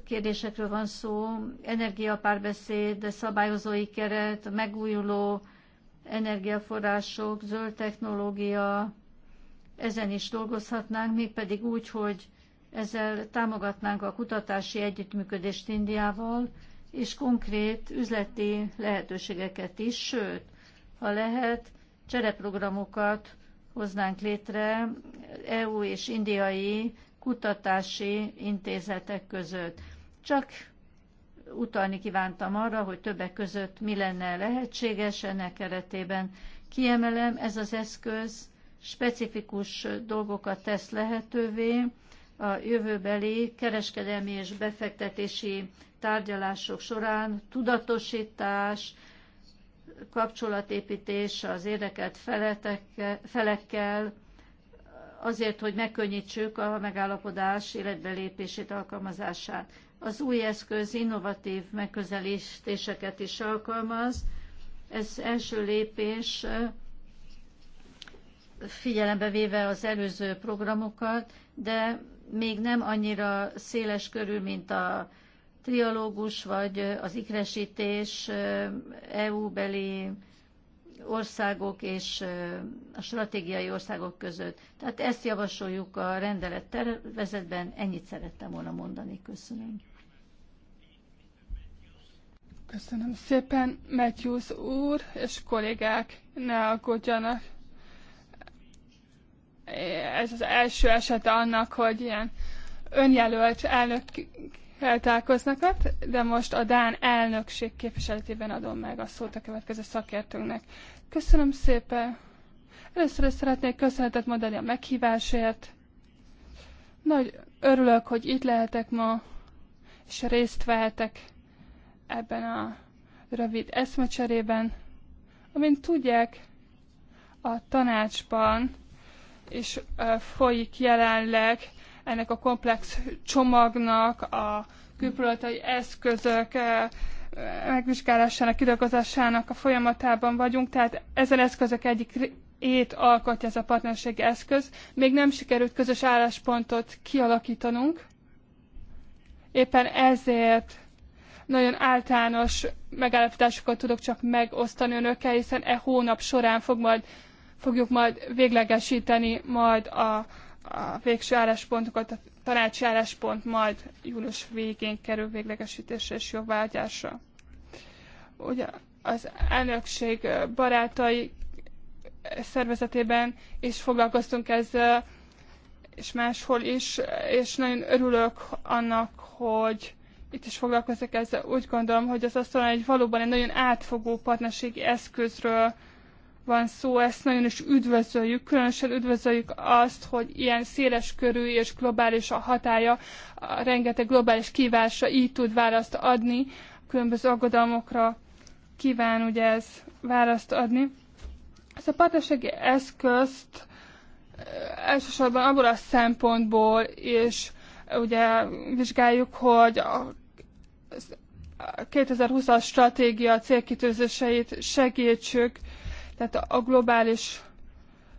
kérdésekről van szó, energiapárbeszéd, szabályozói keret, megújuló energiaforrások, zöld technológia, ezen is dolgozhatnánk, mégpedig úgy, hogy ezzel támogatnánk a kutatási együttműködést Indiával, és konkrét üzleti lehetőségeket is, sőt, ha lehet, csereprogramokat hoznánk létre EU és indiai kutatási intézetek között. Csak utalni kívántam arra, hogy többek között mi lenne lehetséges ennek keretében. Kiemelem, ez az eszköz specifikus dolgokat tesz lehetővé a jövőbeli kereskedelmi és befektetési tárgyalások során tudatosítás, kapcsolatépítés az érdekelt felekkel, azért, hogy megkönnyítsük a megállapodás életbelépését, alkalmazását. Az új eszköz innovatív megközelítéseket is alkalmaz. Ez első lépés figyelembe véve az előző programokat, de még nem annyira széles körül, mint a trialógus vagy az ikresítés EU-beli országok és a stratégiai országok között. Tehát ezt javasoljuk a rendelet tervezetben, ennyit szerettem volna mondani. Köszönöm. Köszönöm szépen, Matthews úr és kollégák, ne aggódjanak. Ez az első esete annak, hogy ilyen önjelölt elnökkel találkoznak, de most a Dán elnökség képviseletében adom meg a szót a következő szakértőnknek. Köszönöm szépen. Először is szeretnék köszönetet mondani a meghívásért. Nagy örülök, hogy itt lehetek ma, és részt vehetek ebben a rövid eszmecserében. Amint tudják, a tanácsban és folyik jelenleg ennek a komplex csomagnak a külpolitikai eszközök megvizsgálásának, kidolgozásának a folyamatában vagyunk, tehát ezen eszközök egyik ét alkotja ez a partnerségi eszköz. Még nem sikerült közös álláspontot kialakítanunk. Éppen ezért nagyon általános megállapításokat tudok csak megosztani önökkel, hiszen e hónap során fog majd, fogjuk majd véglegesíteni majd a, a végső álláspontokat, a tanácsi álláspont majd július végén kerül véglegesítésre és jóvágyásra. Ugye az elnökség barátai szervezetében is foglalkoztunk ezzel, és máshol is, és nagyon örülök annak, hogy itt is foglalkozik ezzel. Úgy gondolom, hogy az asztalon egy valóban egy nagyon átfogó partnerségi eszközről van szó, ezt nagyon is üdvözöljük, különösen üdvözöljük azt, hogy ilyen széles körű és globális a hatája, a rengeteg globális kívásra így tud választ adni, különböző aggodalmokra kíván ugye ez választ adni. Ez a partnerségi eszközt eh, elsősorban abból a szempontból és eh, ugye vizsgáljuk, hogy a 2020-as stratégia célkitűzéseit segítsük, tehát a globális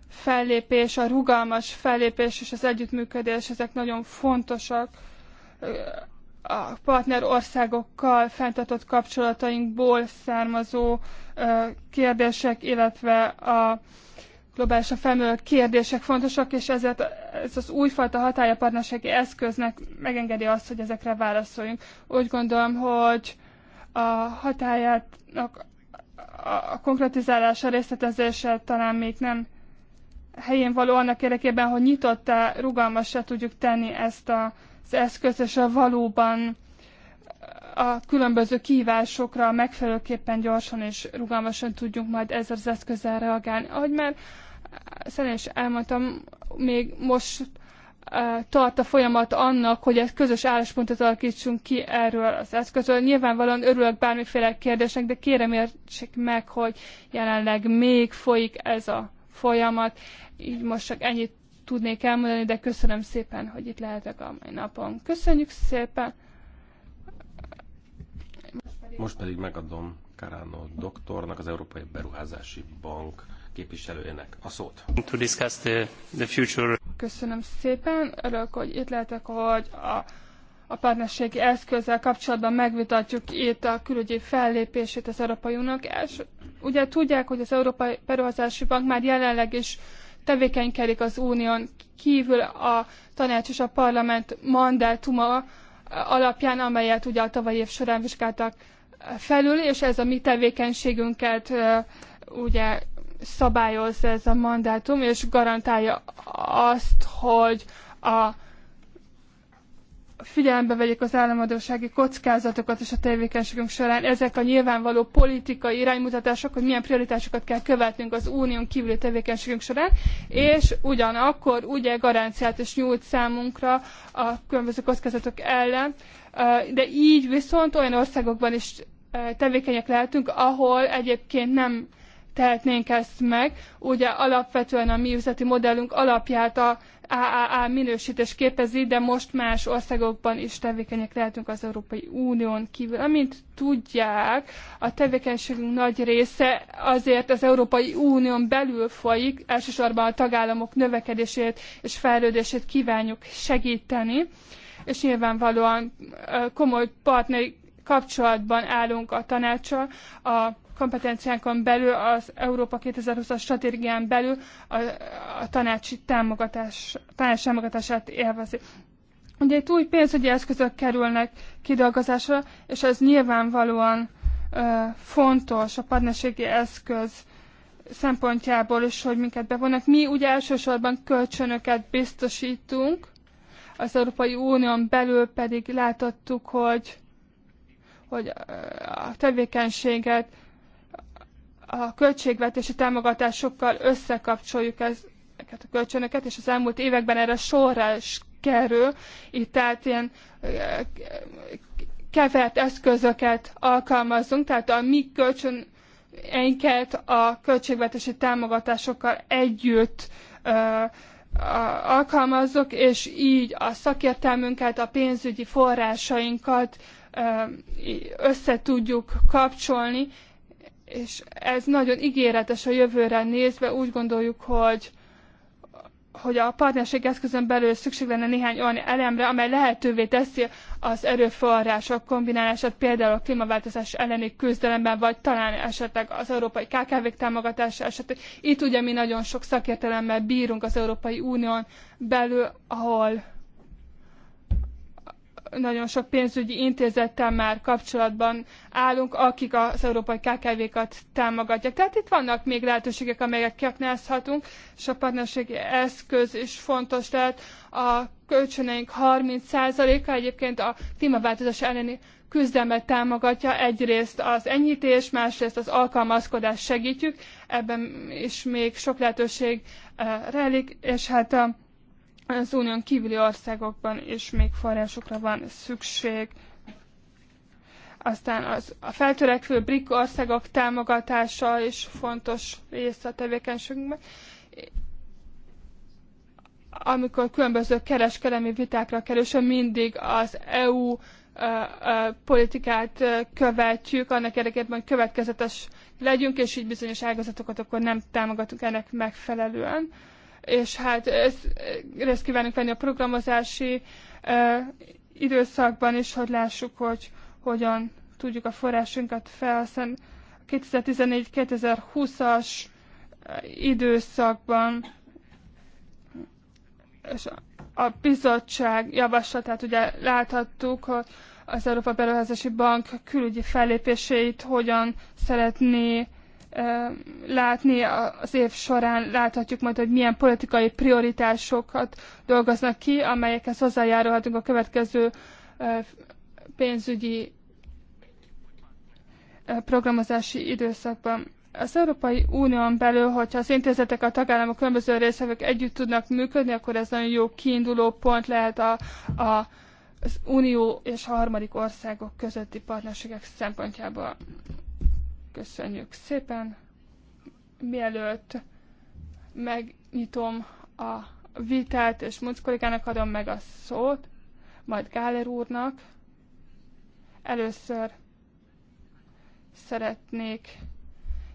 fellépés, a rugalmas fellépés és az együttműködés, ezek nagyon fontosak a partner országokkal fenntartott kapcsolatainkból származó kérdések, illetve a globálisan felmerülő kérdések fontosak, és ezért ez az újfajta hatályapartnerségi eszköznek megengedi azt, hogy ezekre válaszoljunk. Úgy gondolom, hogy a hatájának a konkretizálása, részletezése talán még nem helyén való annak érdekében, hogy nyitottá, rugalmasra tudjuk tenni ezt a, az eszközt, és a valóban a különböző kívásokra megfelelőképpen gyorsan és rugalmasan tudjunk majd ezzel az eszközzel reagálni. Ahogy már szerencsé elmondtam, még most eh, tart a folyamat annak, hogy egy közös álláspontot alakítsunk ki erről az eszközről. Nyilvánvalóan örülök bármiféle kérdésnek, de kérem értsék meg, hogy jelenleg még folyik ez a folyamat. Így most csak ennyit tudnék elmondani, de köszönöm szépen, hogy itt lehetek a mai napon. Köszönjük szépen! Most pedig, most pedig megadom Karánó doktornak az Európai Beruházási Bank képviselőjének a szót. To discuss the, the future. Köszönöm szépen, örülök, hogy itt lehetek, hogy a, a partnerségi eszközzel kapcsolatban megvitatjuk itt a külügyi fellépését az Európai Uniónak. És ugye tudják, hogy az Európai Beruházási Bank már jelenleg is tevékenykedik az unión kívül a tanács és a parlament mandátuma alapján, amelyet ugye a tavalyi év során vizsgáltak felül, és ez a mi tevékenységünket ugye szabályozza ez a mandátum, és garantálja azt, hogy a figyelembe vegyék az államadósági kockázatokat és a tevékenységünk során ezek a nyilvánvaló politikai iránymutatások, hogy milyen prioritásokat kell követnünk az unión kívüli tevékenységünk során, és ugyanakkor ugye garanciát is nyújt számunkra a különböző kockázatok ellen, de így viszont olyan országokban is tevékenyek lehetünk, ahol egyébként nem tehetnénk ezt meg. Ugye alapvetően a mi üzleti modellünk alapját a AAA minősítés képezi, de most más országokban is tevékenyek lehetünk az Európai Unión kívül. Amint tudják, a tevékenységünk nagy része azért az Európai Unión belül folyik, elsősorban a tagállamok növekedését és fejlődését kívánjuk segíteni, és nyilvánvalóan komoly partneri kapcsolatban állunk a tanácsa a kompetenciánkon belül, az Európa 2020-as stratégián belül a, a tanácsi támogatás, tanács támogatását élvezi. Ugye itt új pénzügyi eszközök kerülnek kidolgozásra, és ez nyilvánvalóan ö, fontos a partnerségi eszköz szempontjából is, hogy minket bevonnak. Mi ugye elsősorban kölcsönöket biztosítunk, az Európai Unión belül pedig látottuk, hogy, hogy a tevékenységet a költségvetési támogatásokkal összekapcsoljuk ezeket a kölcsönöket, és az elmúlt években erre sorra is kerül, így tehát ilyen kevert eszközöket alkalmazzunk, tehát a mi kölcsöneinket a költségvetési támogatásokkal együtt alkalmazzuk, és így a szakértelmünket, a pénzügyi forrásainkat össze tudjuk kapcsolni, és ez nagyon ígéretes a jövőre nézve. Úgy gondoljuk, hogy hogy a partnerség eszközön belül szükség lenne néhány olyan elemre, amely lehetővé teszi az erőforrások kombinálását, például a klímaváltozás elleni küzdelemben, vagy talán esetleg az európai kkv támogatása esetén. Itt ugye mi nagyon sok szakértelemmel bírunk az Európai Unión belül, ahol nagyon sok pénzügyi intézettel már kapcsolatban állunk, akik az európai KKV-kat támogatják. Tehát itt vannak még lehetőségek, amelyek kiaknázhatunk, és a partnerségi eszköz is fontos lehet. A kölcsöneink 30%-a egyébként a klímaváltozás elleni küzdelmet támogatja, egyrészt az enyhítés, másrészt az alkalmazkodást segítjük, ebben is még sok lehetőség eh, rejlik, és hát a eh, az unión kívüli országokban is még forrásokra van szükség. Aztán az, a feltörekvő BRIC országok támogatása is fontos része a tevékenységünkben. Amikor különböző kereskedelmi vitákra kerül, mindig az EU politikát követjük, annak érdekében, hogy következetes legyünk, és így bizonyos ágazatokat akkor nem támogatunk ennek megfelelően és hát ezt, ezt kívánunk venni a programozási e, időszakban is, hogy lássuk, hogy hogyan tudjuk a forrásunkat felhasználni. 2014-2020-as időszakban és a bizottság javaslatát ugye láthattuk, hogy az Európa Beruházási Bank külügyi fellépéseit hogyan szeretné látni az év során, láthatjuk majd, hogy milyen politikai prioritásokat dolgoznak ki, amelyekhez hozzájárulhatunk a következő pénzügyi programozási időszakban. Az Európai Unión belül, hogyha az intézetek, a tagállamok különböző részek együtt tudnak működni, akkor ez nagyon jó kiinduló pont lehet a, a az Unió és a harmadik országok közötti partnerségek szempontjából. Köszönjük szépen. Mielőtt megnyitom a vitát, és Munc kollégának adom meg a szót, majd Gáler úrnak. Először szeretnék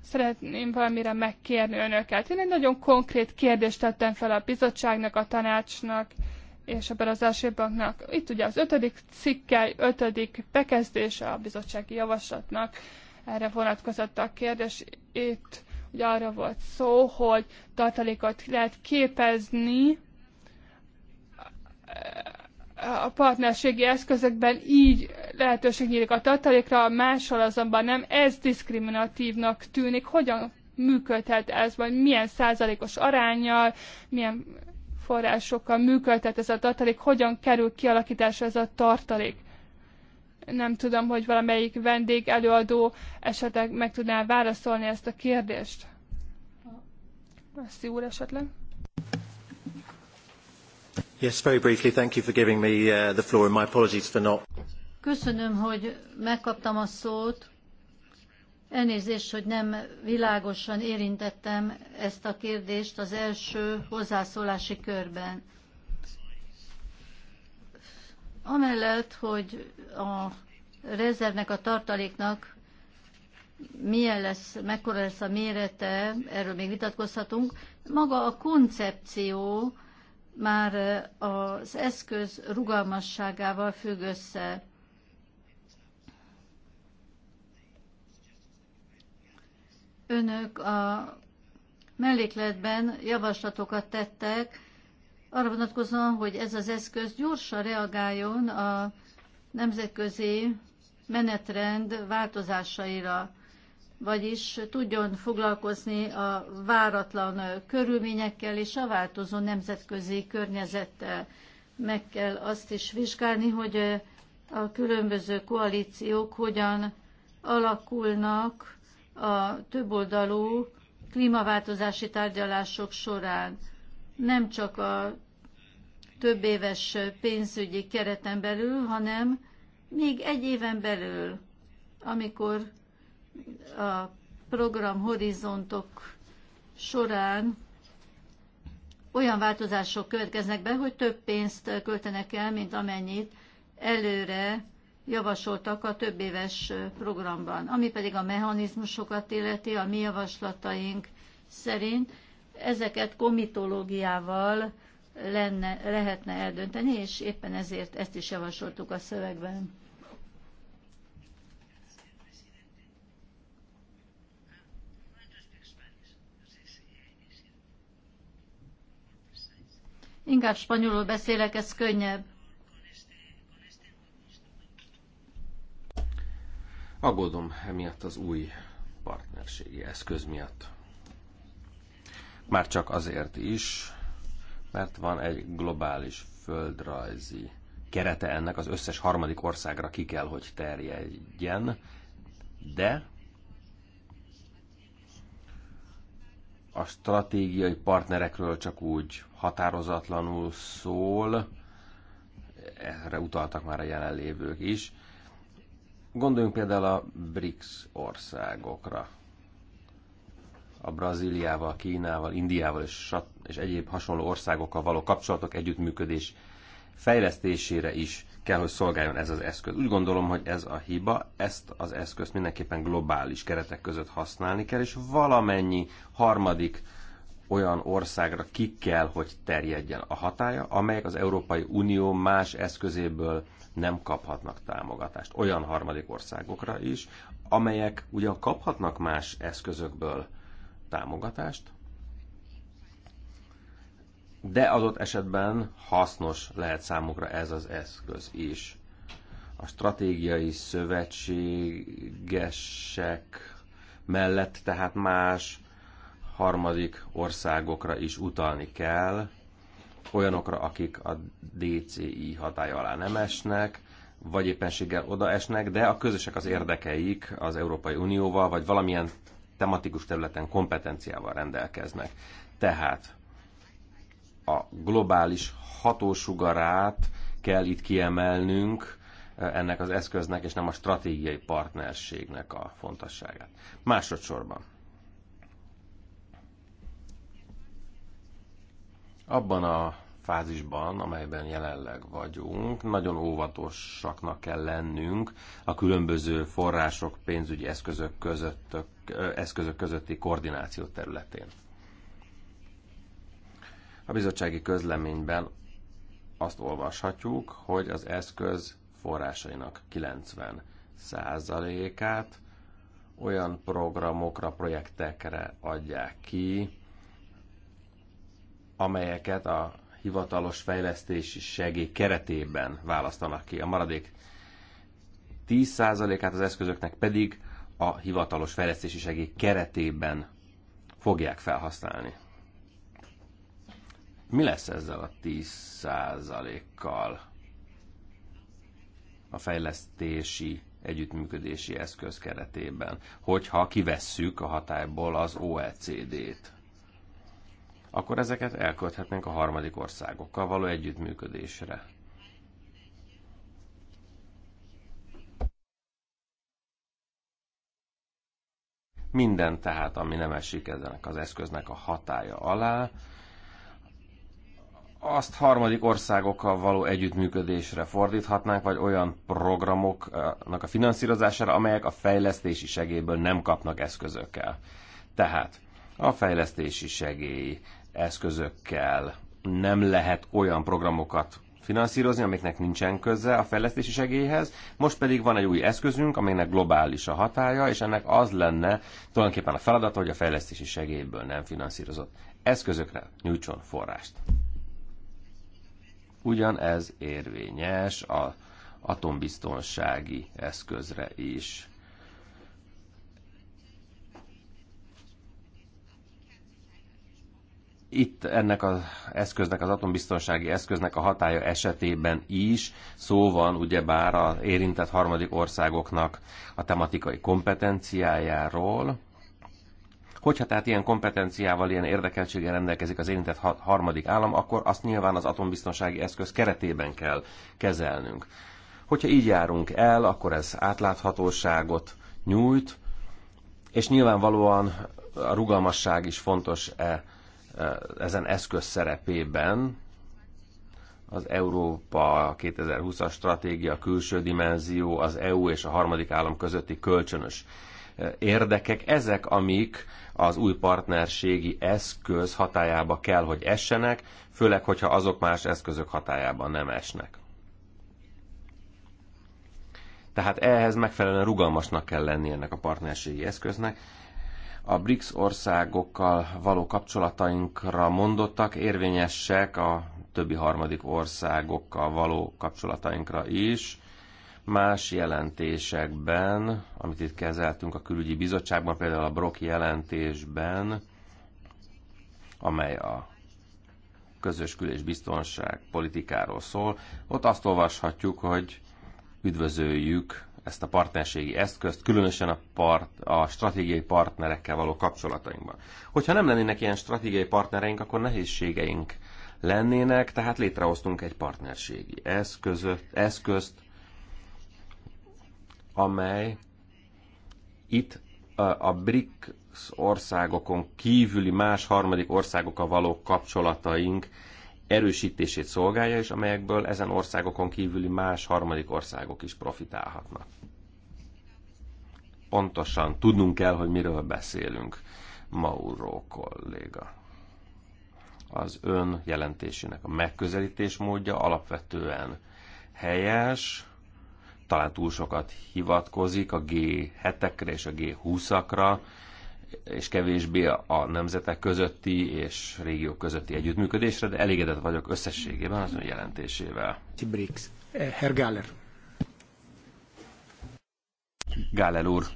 szeretném valamire megkérni önöket. Én egy nagyon konkrét kérdést tettem fel a bizottságnak, a tanácsnak és a berazási banknak. Itt ugye az ötödik cikkely, ötödik bekezdése a bizottsági javaslatnak erre vonatkozott a kérdés. Itt ugye arra volt szó, hogy tartalékot lehet képezni a partnerségi eszközökben így lehetőség nyílik a tartalékra, a mással azonban nem. Ez diszkriminatívnak tűnik. Hogyan működhet ez, vagy milyen százalékos arányjal, milyen forrásokkal működhet ez a tartalék, hogyan kerül kialakításra ez a tartalék nem tudom, hogy valamelyik vendég előadó esetleg meg tudná válaszolni ezt a kérdést. Messzi úr esetleg. Yes, very briefly, thank you for giving me uh, the floor and my apologies for not. Köszönöm, hogy megkaptam a szót. Elnézést, hogy nem világosan érintettem ezt a kérdést az első hozzászólási körben. Amellett, hogy a rezervnek, a tartaléknak milyen lesz, mekkora lesz a mérete, erről még vitatkozhatunk. Maga a koncepció már az eszköz rugalmasságával függ össze. Önök a mellékletben javaslatokat tettek, arra vonatkozóan, hogy ez az eszköz gyorsan reagáljon a nemzetközi menetrend változásaira, vagyis tudjon foglalkozni a váratlan körülményekkel és a változó nemzetközi környezettel. Meg kell azt is vizsgálni, hogy a különböző koalíciók hogyan alakulnak a többoldalú klímaváltozási tárgyalások során nem csak a több éves pénzügyi kereten belül, hanem még egy éven belül, amikor a program horizontok során olyan változások következnek be, hogy több pénzt költenek el, mint amennyit előre javasoltak a több éves programban. Ami pedig a mechanizmusokat illeti, a mi javaslataink szerint ezeket komitológiával lenne, lehetne eldönteni, és éppen ezért ezt is javasoltuk a szövegben. Inkább spanyolul beszélek, ez könnyebb. Aggódom emiatt az új partnerségi eszköz miatt. Már csak azért is, mert van egy globális földrajzi kerete ennek az összes harmadik országra ki kell, hogy terjedjen, de a stratégiai partnerekről csak úgy határozatlanul szól, erre utaltak már a jelenlévők is. Gondoljunk például a BRICS országokra a Brazíliával, Kínával, Indiával és, és egyéb hasonló országokkal való kapcsolatok együttműködés fejlesztésére is kell, hogy szolgáljon ez az eszköz. Úgy gondolom, hogy ez a hiba, ezt az eszközt mindenképpen globális keretek között használni kell, és valamennyi harmadik olyan országra ki kell, hogy terjedjen a hatája, amelyek az Európai Unió más eszközéből nem kaphatnak támogatást. Olyan harmadik országokra is, amelyek ugyan kaphatnak más eszközökből támogatást, de adott esetben hasznos lehet számukra ez az eszköz is. A stratégiai szövetségesek mellett tehát más harmadik országokra is utalni kell, olyanokra, akik a DCI hatája alá nem esnek, vagy éppenséggel odaesnek, de a közösek az érdekeik az Európai Unióval, vagy valamilyen tematikus területen kompetenciával rendelkeznek. Tehát a globális hatósugarát kell itt kiemelnünk eh, ennek az eszköznek, és nem a stratégiai partnerségnek a fontosságát. Másodszorban. Abban a fázisban, amelyben jelenleg vagyunk, nagyon óvatosaknak kell lennünk a különböző források, pénzügyi eszközök között eszközök közötti koordináció területén. A bizottsági közleményben azt olvashatjuk, hogy az eszköz forrásainak 90 százalékát olyan programokra, projektekre adják ki, amelyeket a hivatalos fejlesztési segély keretében választanak ki. A maradék 10%-át az eszközöknek pedig a hivatalos fejlesztési segély keretében fogják felhasználni. Mi lesz ezzel a 10%-kal a fejlesztési együttműködési eszköz keretében, hogyha kivesszük a hatályból az OECD-t? Akkor ezeket elkölthetnénk a harmadik országokkal való együttműködésre Minden tehát, ami nem esik ezenek az eszköznek a hatája alá, azt harmadik országokkal való együttműködésre fordíthatnánk, vagy olyan programoknak a finanszírozására, amelyek a fejlesztési segélyből nem kapnak eszközökkel. Tehát a fejlesztési segély eszközökkel nem lehet olyan programokat finanszírozni, amiknek nincsen köze a fejlesztési segélyhez. Most pedig van egy új eszközünk, amelynek globális a hatája, és ennek az lenne tulajdonképpen a feladata, hogy a fejlesztési segélyből nem finanszírozott eszközökre nyújtson forrást. Ugyanez érvényes a atombiztonsági eszközre is. itt ennek az eszköznek, az atombiztonsági eszköznek a hatája esetében is szó van ugyebár a érintett harmadik országoknak a tematikai kompetenciájáról. Hogyha tehát ilyen kompetenciával, ilyen érdekeltséggel rendelkezik az érintett harmadik állam, akkor azt nyilván az atombiztonsági eszköz keretében kell kezelnünk. Hogyha így járunk el, akkor ez átláthatóságot nyújt, és nyilvánvalóan a rugalmasság is fontos e Eh, ezen eszköz szerepében az Európa 2020-as stratégia, külső dimenzió, az EU és a harmadik állam közötti kölcsönös eh, érdekek, ezek, amik az új partnerségi eszköz hatájába kell, hogy essenek, főleg, hogyha azok más eszközök hatájában nem esnek. Tehát ehhez megfelelően rugalmasnak kell lenni ennek a partnerségi eszköznek, a BRICS országokkal való kapcsolatainkra mondottak érvényesek a többi harmadik országokkal való kapcsolatainkra is. Más jelentésekben, amit itt kezeltünk a külügyi bizottságban, például a Brok jelentésben, amely a közös kül- és biztonság politikáról szól, ott azt olvashatjuk, hogy üdvözöljük ezt a partnerségi eszközt, különösen a, part, a stratégiai partnerekkel való kapcsolatainkban. Hogyha nem lennének ilyen stratégiai partnereink, akkor nehézségeink lennének, tehát létrehoztunk egy partnerségi eszközöt, eszközt, amely itt a BRICS országokon kívüli más harmadik országokkal való kapcsolataink erősítését szolgálja, és amelyekből ezen országokon kívüli más harmadik országok is profitálhatnak. Pontosan tudnunk kell, hogy miről beszélünk, Mauro kolléga. Az ön jelentésének a megközelítés módja alapvetően helyes, talán túl sokat hivatkozik a G7-ekre és a G20-akra, és kevésbé a nemzetek közötti és régiók közötti együttműködésre, de elégedett vagyok összességében az ön jelentésével. Briggs. Eh, Herr Gáler. Gáler úr.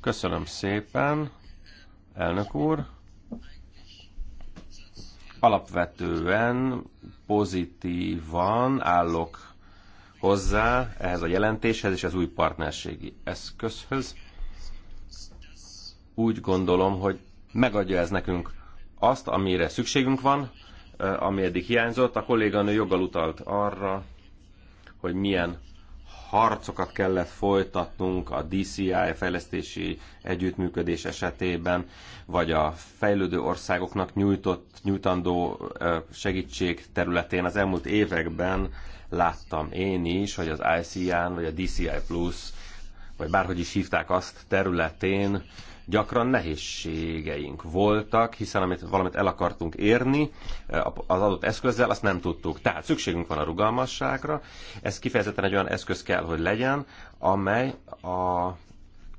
Köszönöm szépen, elnök úr. Alapvetően pozitívan állok hozzá ehhez a jelentéshez és az új partnerségi eszközhöz úgy gondolom, hogy megadja ez nekünk azt, amire szükségünk van, ami eddig hiányzott. A kolléganő joggal utalt arra, hogy milyen harcokat kellett folytatnunk a DCI fejlesztési együttműködés esetében, vagy a fejlődő országoknak nyújtott, nyújtandó segítség területén az elmúlt években láttam én is, hogy az ICI-n, vagy a DCI Plus, vagy bárhogy is hívták azt területén gyakran nehézségeink voltak, hiszen amit, valamit el akartunk érni e, az adott eszközzel, azt nem tudtuk. Tehát szükségünk van a rugalmasságra, ez kifejezetten egy olyan eszköz kell, hogy legyen, amely a,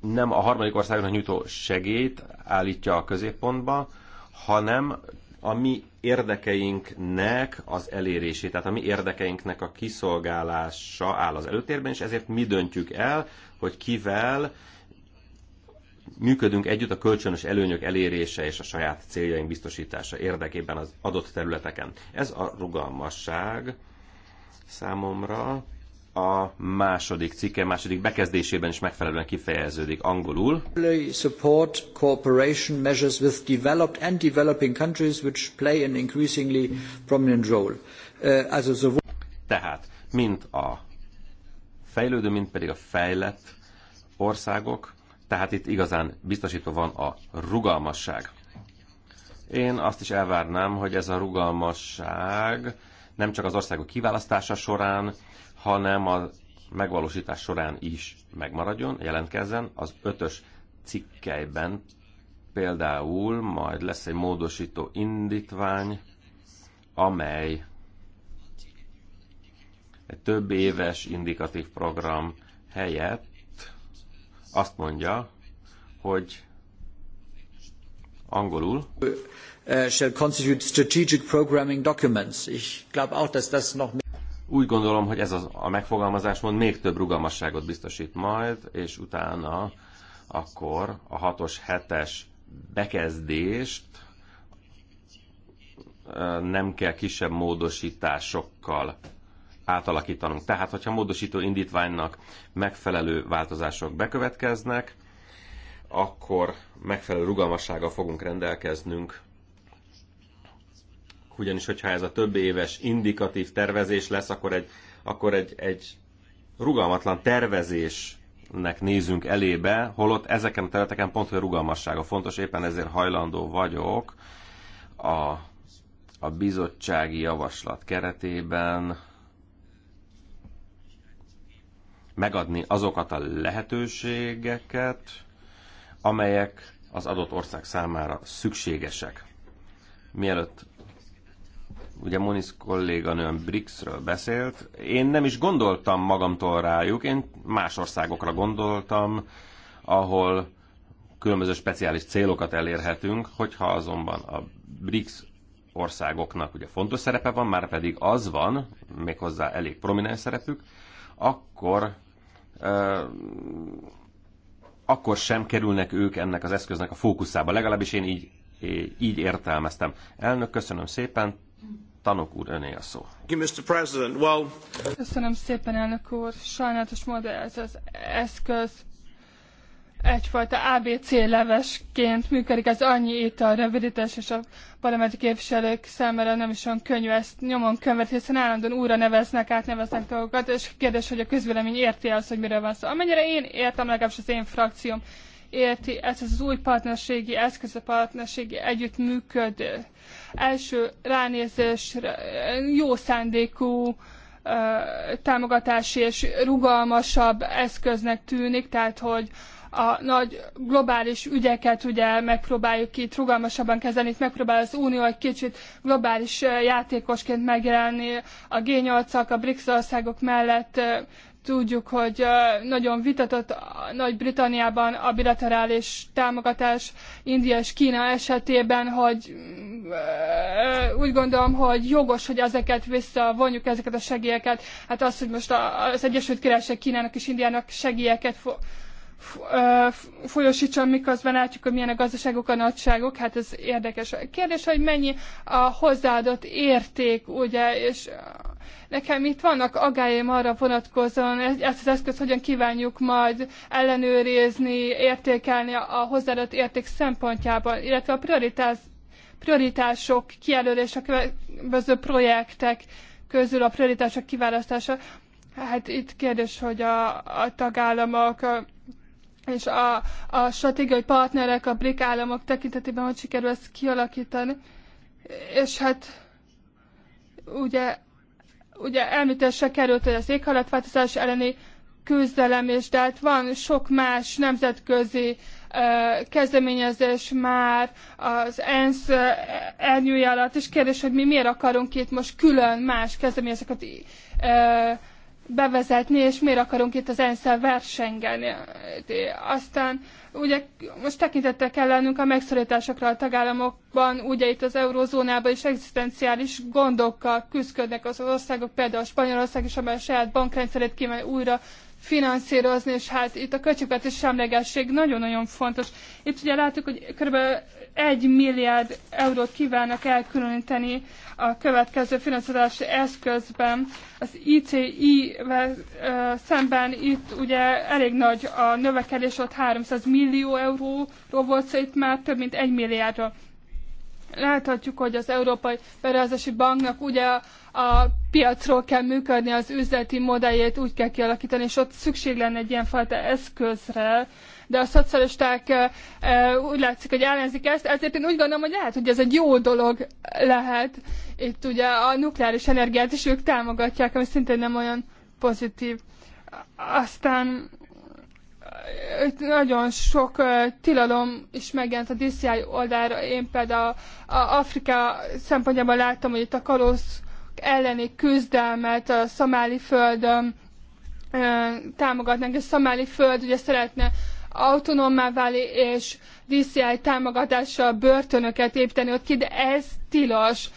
nem a harmadik országnak nyújtó segélyt állítja a középpontba, hanem a mi érdekeinknek az elérését, tehát a mi érdekeinknek a kiszolgálása áll az előtérben, és ezért mi döntjük el, hogy kivel működünk együtt a kölcsönös előnyök elérése és a saját céljaink biztosítása érdekében az adott területeken. Ez a rugalmasság számomra a második cikke, második bekezdésében is megfelelően kifejeződik angolul. Support cooperation measures with developed and developing countries which play an increasingly prominent role. Uh, Tehát, mint a fejlődő, mint pedig a fejlett országok tehát itt igazán biztosítva van a rugalmasság. Én azt is elvárnám, hogy ez a rugalmasság nem csak az országok kiválasztása során, hanem a megvalósítás során is megmaradjon, jelentkezzen. Az ötös cikkelyben például majd lesz egy módosító indítvány, amely egy több éves indikatív program helyett azt mondja, hogy angolul uh, shall constitute strategic programming documents. Ich glaube auch, dass das noch úgy gondolom, hogy ez az, a megfogalmazás mond még több rugalmasságot biztosít majd, és utána akkor a hatos hetes bekezdést uh, nem kell kisebb módosításokkal átalakítanunk. Tehát, hogyha módosító indítványnak megfelelő változások bekövetkeznek, akkor megfelelő rugalmassággal fogunk rendelkeznünk ugyanis hogyha ez a több éves indikatív tervezés lesz, akkor egy, akkor egy, egy rugalmatlan tervezésnek nézünk elébe, holott ezeken a területeken pont, hogy a rugalmassága fontos, éppen ezért hajlandó vagyok a, a bizottsági javaslat keretében megadni azokat a lehetőségeket, amelyek az adott ország számára szükségesek. Mielőtt ugye Moniz kolléganőm BRICS-ről beszélt, én nem is gondoltam magamtól rájuk, én más országokra gondoltam, ahol különböző speciális célokat elérhetünk, hogyha azonban a BRICS országoknak ugye fontos szerepe van, már pedig az van, méghozzá elég prominens szerepük, akkor akkor sem kerülnek ők ennek az eszköznek a fókuszába. Legalábbis én így, így értelmeztem. Elnök, köszönöm szépen. Tanok úr, öné a szó. Köszönöm szépen, elnök úr. Sajnálatos módon ez az eszköz egyfajta ABC levesként működik, ez annyi itt a rövidítés, és a parlamenti képviselők számára nem is olyan könnyű ezt nyomon követni, hiszen állandóan újra neveznek, átneveznek dolgokat, és kérdés, hogy a közvélemény érti -e azt, hogy miről van szó. Amennyire én értem, legalábbis az én frakcióm érti, ez az új partnerségi eszköz, a partnerségi együttműködő első ránézésre jó szándékú támogatási és rugalmasabb eszköznek tűnik, tehát hogy a nagy globális ügyeket ugye megpróbáljuk itt rugalmasabban kezelni, itt megpróbál az Unió egy kicsit globális játékosként megjelenni a G8-ak, a BRICS országok mellett tudjuk, hogy nagyon vitatott Nagy-Britanniában a bilaterális támogatás India és Kína esetében, hogy mm, úgy gondolom, hogy jogos, hogy ezeket visszavonjuk, ezeket a segélyeket. Hát az, hogy most az Egyesült Királyság Kínának és Indiának segélyeket folyosítson, miközben látjuk, hogy milyen a gazdaságok, a nagyságok, hát ez érdekes. A kérdés, hogy mennyi a hozzáadott érték, ugye, és nekem itt vannak agályaim arra vonatkozóan, ezt az eszközt hogyan kívánjuk majd ellenőrizni, értékelni a hozzáadott érték szempontjában, illetve a prioritás, prioritások kijelölés a következő projektek közül a prioritások kiválasztása. Hát itt kérdés, hogy a, a tagállamok és a, a stratégiai partnerek, a BRIC államok tekintetében, hogy sikerül ezt kialakítani. És hát ugye, ugye elműtésre került, hogy az éghajlatváltozás elleni küzdelem, és de hát van sok más nemzetközi uh, kezdeményezés már az ENSZ uh, elnyúja alatt, és kérdés, hogy mi miért akarunk itt most külön más kezdeményezéseket uh, bevezetni, és miért akarunk itt az ensz versengeni. Aztán ugye most tekintettel kell lennünk a megszorításokra a tagállamokban, ugye itt az eurozónában is egzisztenciális gondokkal küzdködnek az országok, például a Spanyolország is, amely a saját bankrendszerét kívánja újra finanszírozni, és hát itt a költségvetés semlegesség nagyon-nagyon fontos. Itt ugye látjuk, hogy kb. 1 milliárd eurót kívánnak elkülöníteni a következő finanszírozási eszközben. Az ICI-vel szemben itt ugye elég nagy a növekedés, ott 300 millió euróról volt szó, itt már több mint 1 milliárdra. Láthatjuk, hogy az Európai Beruházási Banknak ugye a piacról kell működni, az üzleti modelljét úgy kell kialakítani, és ott szükség lenne egy ilyenfajta eszközre, de a szocialisták úgy látszik, hogy ellenzik ezt, ezért én úgy gondolom, hogy lehet, hogy ez egy jó dolog lehet. Itt ugye a nukleáris energiát is ők támogatják, ami szintén nem olyan pozitív. Aztán itt nagyon sok tilalom is megjelent a DCI oldalra. Én például a, a Afrika szempontjából láttam, hogy itt a kalóz elleni küzdelmet a szamáli földön támogatnánk, és szamáli föld ugye szeretne autonómá válni és DCI támogatással börtönöket építeni ott ki, de ez tilos.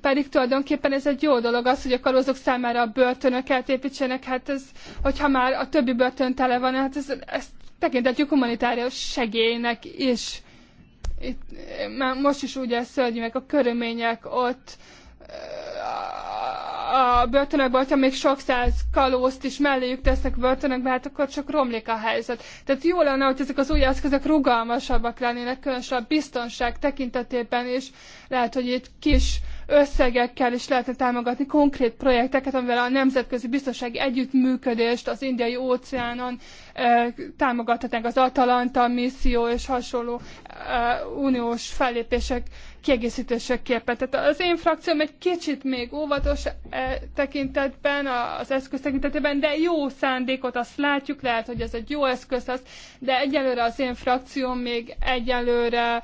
Pedig tulajdonképpen ez egy jó dolog az, hogy a kalózok számára a börtönöket építsenek, hát ez, hogyha már a többi börtön tele van, hát ez, ezt tekintetjük humanitárius segélynek is. Itt, már most is ugye szörnyűek a körülmények ott, a börtönökbe, hogyha még sok száz kalózt is melléjük tesznek börtönökbe, hát akkor csak romlik a helyzet. Tehát jó lenne, hogy ezek az új eszközök rugalmasabbak lennének, különösen a biztonság tekintetében is. Lehet, hogy itt kis uh, összegekkel is lehetne támogatni konkrét projekteket, amivel a nemzetközi biztonsági együttműködést az indiai óceánon e, támogathatnánk az Atalanta misszió és hasonló eh, uniós fellépések kiegészítéseképpen. Tehát az én frakcióm egy kicsit még óvatos e, tekintetben, az eszköz tekintetében, de jó szándékot azt látjuk, lehet, hogy ez egy jó eszköz lesz, de egyelőre az én frakcióm még egyelőre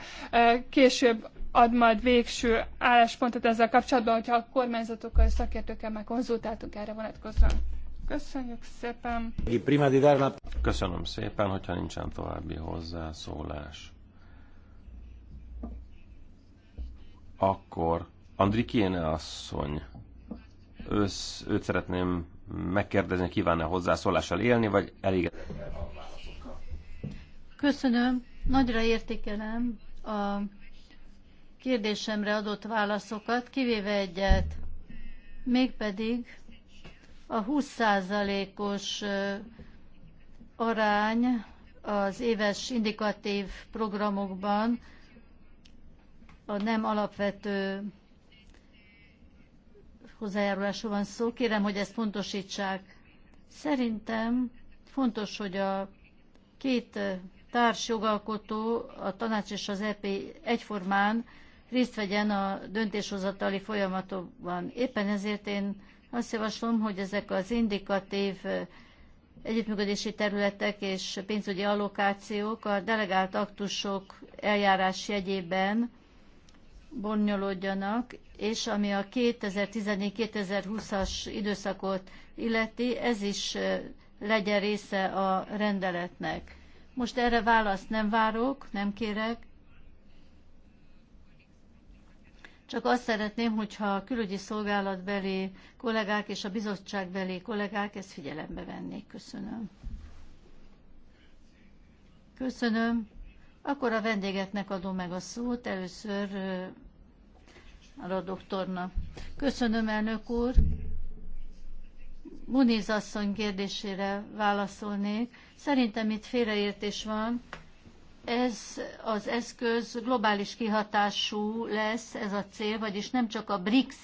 később ad majd végső álláspontot ezzel kapcsolatban, hogyha a kormányzatokkal és szakértőkkel már konzultáltunk erre vonatkozóan. Köszönjük szépen! Köszönöm szépen, hogyha nincsen további hozzászólás. Akkor Andrikiene asszony, ősz, őt szeretném megkérdezni, kívánna -e hozzászólással élni, vagy elég. Köszönöm, nagyra értékelem a kérdésemre adott válaszokat, kivéve egyet, mégpedig a 20%-os arány az éves indikatív programokban a nem alapvető hozzájárulásról van szó. Kérem, hogy ezt pontosítsák. Szerintem fontos, hogy a két társjogalkotó, a tanács és az EP egyformán részt vegyen a döntéshozatali folyamatokban. Éppen ezért én azt javaslom, hogy ezek az indikatív együttműködési területek és pénzügyi allokációk a delegált aktusok eljárás jegyében bonyolódjanak, és ami a 2014-2020-as időszakot illeti, ez is legyen része a rendeletnek. Most erre választ nem várok, nem kérek, Csak azt szeretném, hogyha a külügyi szolgálatbeli kollégák és a bizottságbeli kollégák ezt figyelembe vennék. Köszönöm. Köszönöm. Akkor a vendégeknek adom meg a szót. Először a doktornak. Köszönöm, elnök úr. Muniz asszony kérdésére válaszolnék. Szerintem itt félreértés van ez az eszköz globális kihatású lesz, ez a cél, vagyis nem csak a brics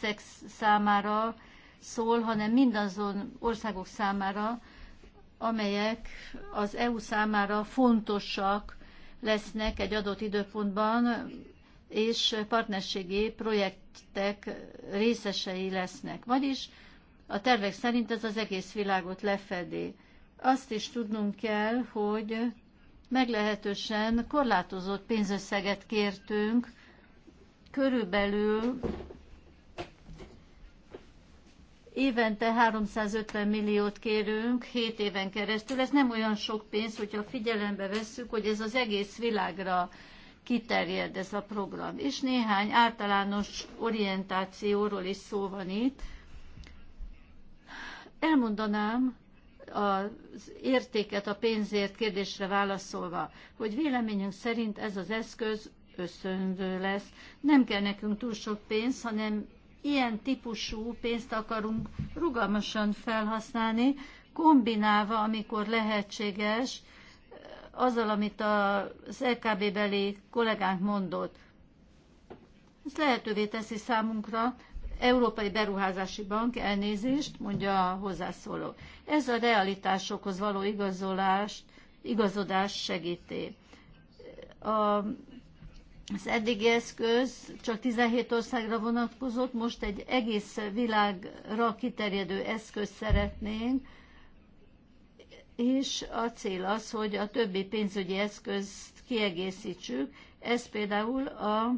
számára szól, hanem mindazon országok számára, amelyek az EU számára fontosak lesznek egy adott időpontban, és partnerségi projektek részesei lesznek. Vagyis a tervek szerint ez az egész világot lefedi. Azt is tudnunk kell, hogy meglehetősen korlátozott pénzösszeget kértünk, körülbelül évente 350 milliót kérünk 7 éven keresztül. Ez nem olyan sok pénz, hogyha figyelembe vesszük, hogy ez az egész világra kiterjed ez a program. És néhány általános orientációról is szó van itt. Elmondanám, az értéket a pénzért kérdésre válaszolva, hogy véleményünk szerint ez az eszköz összöndő lesz. Nem kell nekünk túl sok pénz, hanem ilyen típusú pénzt akarunk rugalmasan felhasználni, kombinálva, amikor lehetséges, azzal, amit az LKB beli kollégánk mondott. Ez lehetővé teszi számunkra, Európai Beruházási Bank, elnézést, mondja a hozzászóló. Ez a realitásokhoz való igazolást, igazodás segíti. A az eddigi eszköz csak 17 országra vonatkozott, most egy egész világra kiterjedő eszköz szeretnénk, és a cél az, hogy a többi pénzügyi eszközt kiegészítsük. Ez például a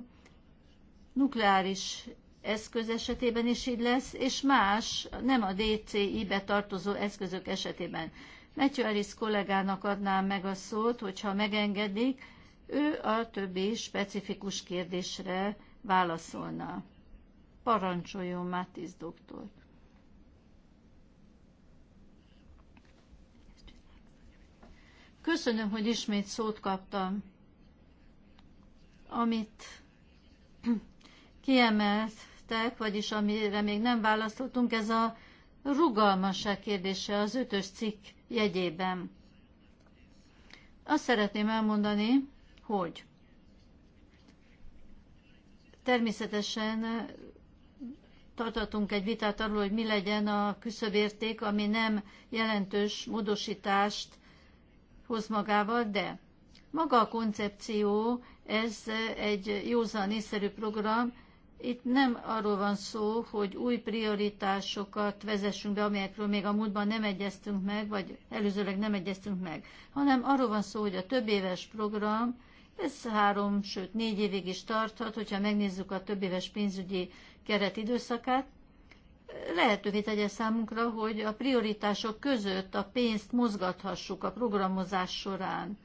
nukleáris eszköz esetében is így lesz, és más, nem a DCI-be tartozó eszközök esetében. Matthew Harris kollégának adnám meg a szót, hogyha megengedik, ő a többi specifikus kérdésre válaszolna. Parancsoljon Mátis doktor. Köszönöm, hogy ismét szót kaptam. Amit kiemelt érintettek, vagyis amire még nem válaszoltunk, ez a rugalmasság kérdése az ötös cikk jegyében. Azt szeretném elmondani, hogy természetesen tartatunk egy vitát arról, hogy mi legyen a küszöbérték, ami nem jelentős módosítást hoz magával, de maga a koncepció, ez egy józan észszerű program, itt nem arról van szó, hogy új prioritásokat vezessünk be, amelyekről még a múltban nem egyeztünk meg, vagy előzőleg nem egyeztünk meg, hanem arról van szó, hogy a több éves program, ez három, sőt négy évig is tarthat, hogyha megnézzük a több éves pénzügyi keret időszakát, lehetővé tegye számunkra, hogy a prioritások között a pénzt mozgathassuk a programozás során.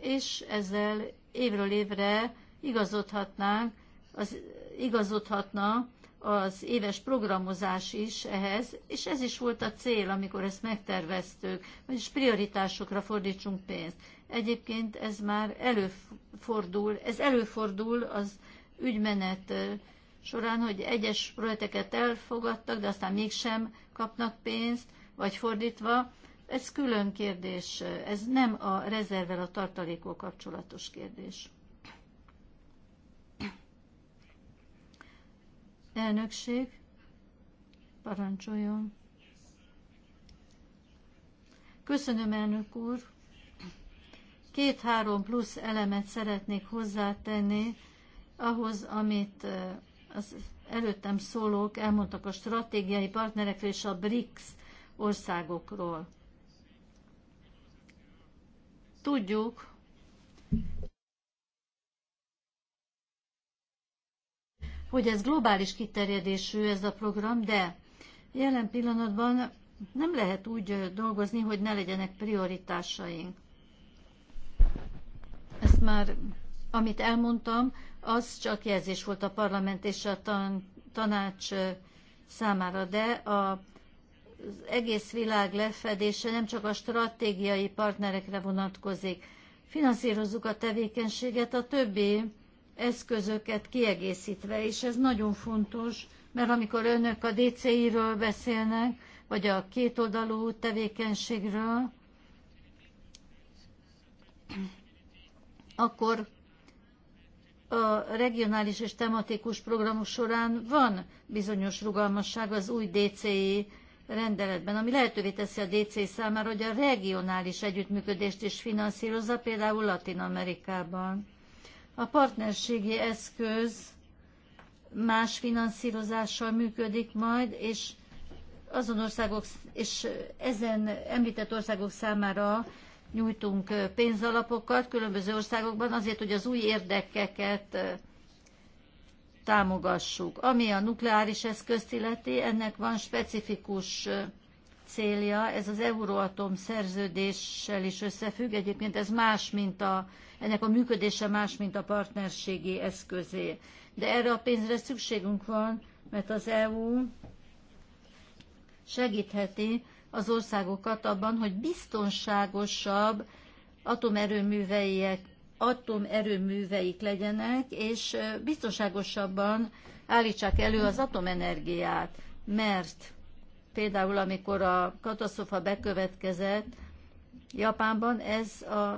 És ezzel évről évre igazodhatnánk az igazodhatna az éves programozás is ehhez, és ez is volt a cél, amikor ezt megterveztük, vagyis prioritásokra fordítsunk pénzt. Egyébként ez már előfordul, ez előfordul az ügymenet során, hogy egyes projekteket elfogadtak, de aztán mégsem kapnak pénzt, vagy fordítva. Ez külön kérdés, ez nem a rezervvel, a tartalékok kapcsolatos kérdés. Elnökség, parancsoljon. Köszönöm, elnök úr. Két-három plusz elemet szeretnék hozzátenni ahhoz, amit eh, az előttem szólók elmondtak a stratégiai partnerekről és a BRICS országokról. Tudjuk, hogy ez globális kiterjedésű ez a program, de jelen pillanatban nem lehet úgy dolgozni, hogy ne legyenek prioritásaink. Ezt már, amit elmondtam, az csak jelzés volt a parlament és a tan- tanács számára, de a az egész világ lefedése nem csak a stratégiai partnerekre vonatkozik. Finanszírozzuk a tevékenységet a többi eszközöket kiegészítve, és ez nagyon fontos, mert amikor önök a DCI-ről beszélnek, vagy a kétoldalú tevékenységről, akkor a regionális és tematikus programok során van bizonyos rugalmasság az új DCI rendeletben, ami lehetővé teszi a DCI számára, hogy a regionális együttműködést is finanszírozza, például Latin Amerikában. A partnerségi eszköz más finanszírozással működik majd, és azon országok, és ezen említett országok számára nyújtunk pénzalapokat különböző országokban azért, hogy az új érdekeket támogassuk. Ami a nukleáris eszközt illeti, ennek van specifikus célja, ez az Euróatom szerződéssel is összefügg, egyébként ez más, mint a, ennek a működése más, mint a partnerségi eszközé. De erre a pénzre szükségünk van, mert az EU segítheti az országokat abban, hogy biztonságosabb atomerőműveiek, atomerőműveik legyenek, és biztonságosabban állítsák elő az atomenergiát, mert Például, amikor a katasztrofa bekövetkezett Japánban, ez a,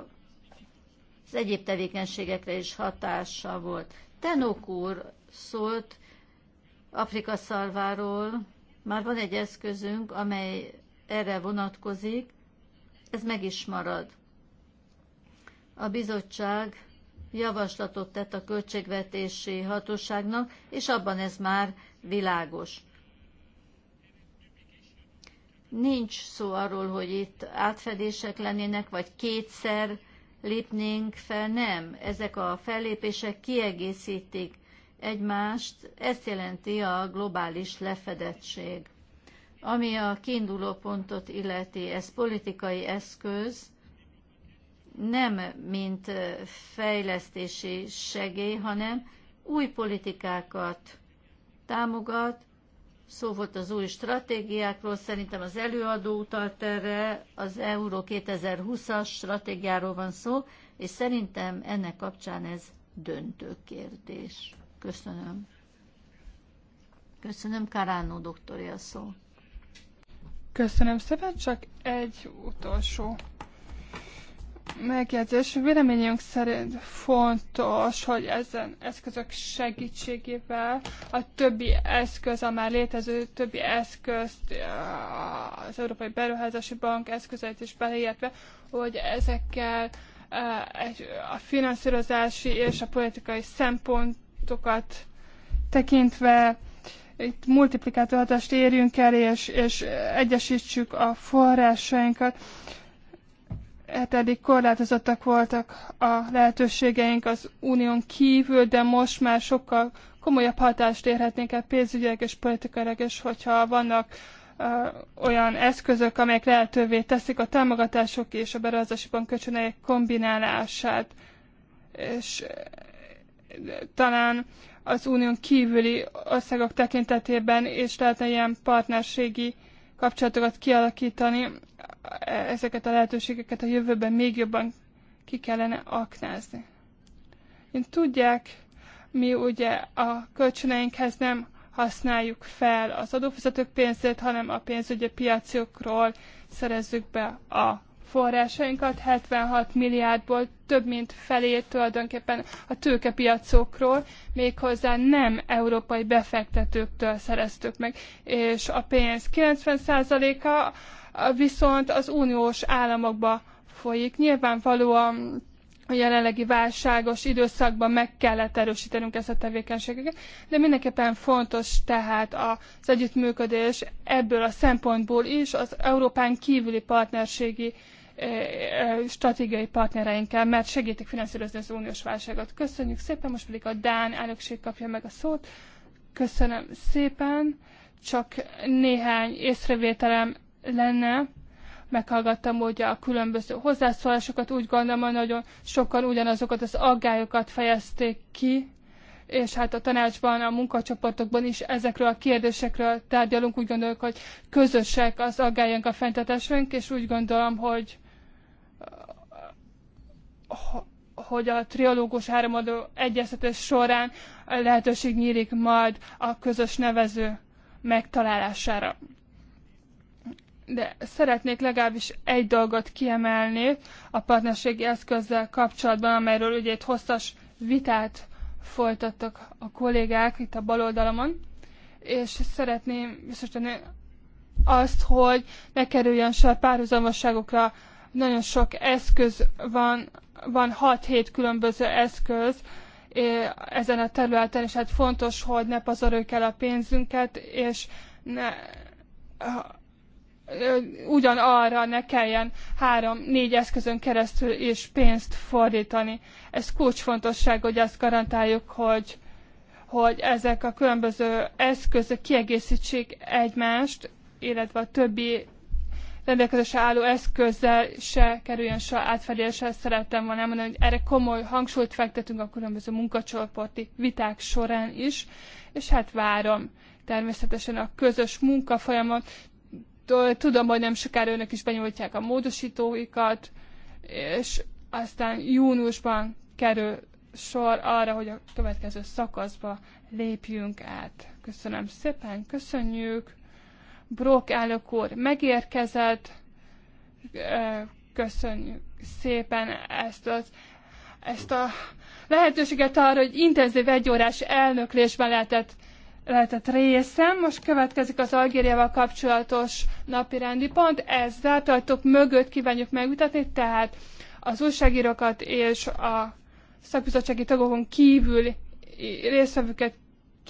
az egyéb tevékenységekre is hatása volt. Tenok úr szólt Afrika szalváról, már van egy eszközünk, amely erre vonatkozik, ez meg is marad. A bizottság javaslatot tett a költségvetési hatóságnak, és abban ez már világos. Nincs szó arról, hogy itt átfedések lennének, vagy kétszer lépnénk fel, nem. Ezek a fellépések kiegészítik egymást, ezt jelenti a globális lefedettség. Ami a kiinduló pontot illeti, ez politikai eszköz, nem mint fejlesztési segély, hanem új politikákat támogat, Szó volt az új stratégiákról, szerintem az előadó utalt erre, az Euró 2020-as stratégiáról van szó, és szerintem ennek kapcsán ez döntő kérdés. Köszönöm. Köszönöm, Karánó doktori a szó. Köszönöm szépen, csak egy utolsó megjegyzés. Véleményünk szerint fontos, hogy ezen eszközök segítségével a többi eszköz, a már létező többi eszközt, az Európai Beruházási Bank eszközeit is beleértve, hogy ezekkel e, a finanszírozási és a politikai szempontokat tekintve itt multiplikátor hatást érjünk el, és, és egyesítsük a forrásainkat hát eddig korlátozottak voltak a lehetőségeink az unión kívül, de most már sokkal komolyabb hatást érhetnénk el pénzügyek és politikailag, és hogyha vannak uh, olyan eszközök, amelyek lehetővé teszik a támogatások és a berazdasiban bankkölcsönhelyek kombinálását, és uh, talán az unión kívüli országok tekintetében is lehetne ilyen partnerségi kapcsolatokat kialakítani, ezeket a lehetőségeket a jövőben még jobban ki kellene aknázni. Én tudják, mi ugye a kölcsöneinkhez nem használjuk fel az adófizetők pénzét, hanem a pénzügyi piacokról szerezzük be a forrásainkat, 76 milliárdból több mint felét tulajdonképpen a tőkepiacokról, méghozzá nem európai befektetőktől szereztük meg, és a pénz 90%-a viszont az uniós államokba folyik. Nyilvánvalóan a jelenlegi válságos időszakban meg kellett erősítenünk ezt a tevékenységeket, de mindenképpen fontos tehát az együttműködés ebből a szempontból is az Európán kívüli partnerségi uh, stratégiai partnereinkkel, mert segítik finanszírozni az uniós válságot. Köszönjük szépen, most pedig a Dán elnökség kapja meg a szót. Köszönöm szépen, csak néhány észrevételem lenne. Meghallgattam ugye a különböző hozzászólásokat, úgy gondolom, hogy nagyon sokan ugyanazokat az aggályokat fejezték ki, és hát a tanácsban, a munkacsoportokban is ezekről a kérdésekről tárgyalunk, úgy gondoljuk, hogy közösek az aggályunk, a fenntartásunk, és úgy gondolom, hogy hogy a triológus háromadó egyeztetés során lehetőség nyílik majd a közös nevező megtalálására. De szeretnék legalábbis egy dolgot kiemelni a partnerségi eszközzel kapcsolatban, amelyről ugye itt hosszas vitát folytattak a kollégák itt a bal oldalamon, és szeretném biztosítani azt, hogy ne kerüljön se párhuzamosságokra nagyon sok eszköz van, van 6-7 különböző eszköz ezen a területen, és hát fontos, hogy ne pazaroljuk el a pénzünket, és ne, ugyanarra ne kelljen három-négy eszközön keresztül is pénzt fordítani. Ez kulcsfontosság, hogy azt garantáljuk, hogy, hogy ezek a különböző eszközök kiegészítsék egymást, illetve a többi rendelkezésre álló eszközzel se kerüljön se átfedésre. Szerettem volna elmondani, hogy erre komoly hangsúlyt fektetünk a különböző munkacsoporti viták során is, és hát várom természetesen a közös munka folyamat. Tudom, hogy nem sokára önök is benyújtják a módosítóikat, és aztán júniusban kerül sor arra, hogy a következő szakaszba lépjünk át. Köszönöm szépen, köszönjük! Brock elnök úr megérkezett, köszönjük szépen ezt az ezt a lehetőséget arra, hogy intenzív egyórás elnöklésben lehetett, lehetett részem. Most következik az Algériával kapcsolatos napi rendi pont. Ezzel tartok mögött kívánjuk megmutatni, tehát az újságírókat és a szakbizottsági tagokon kívül részvevőket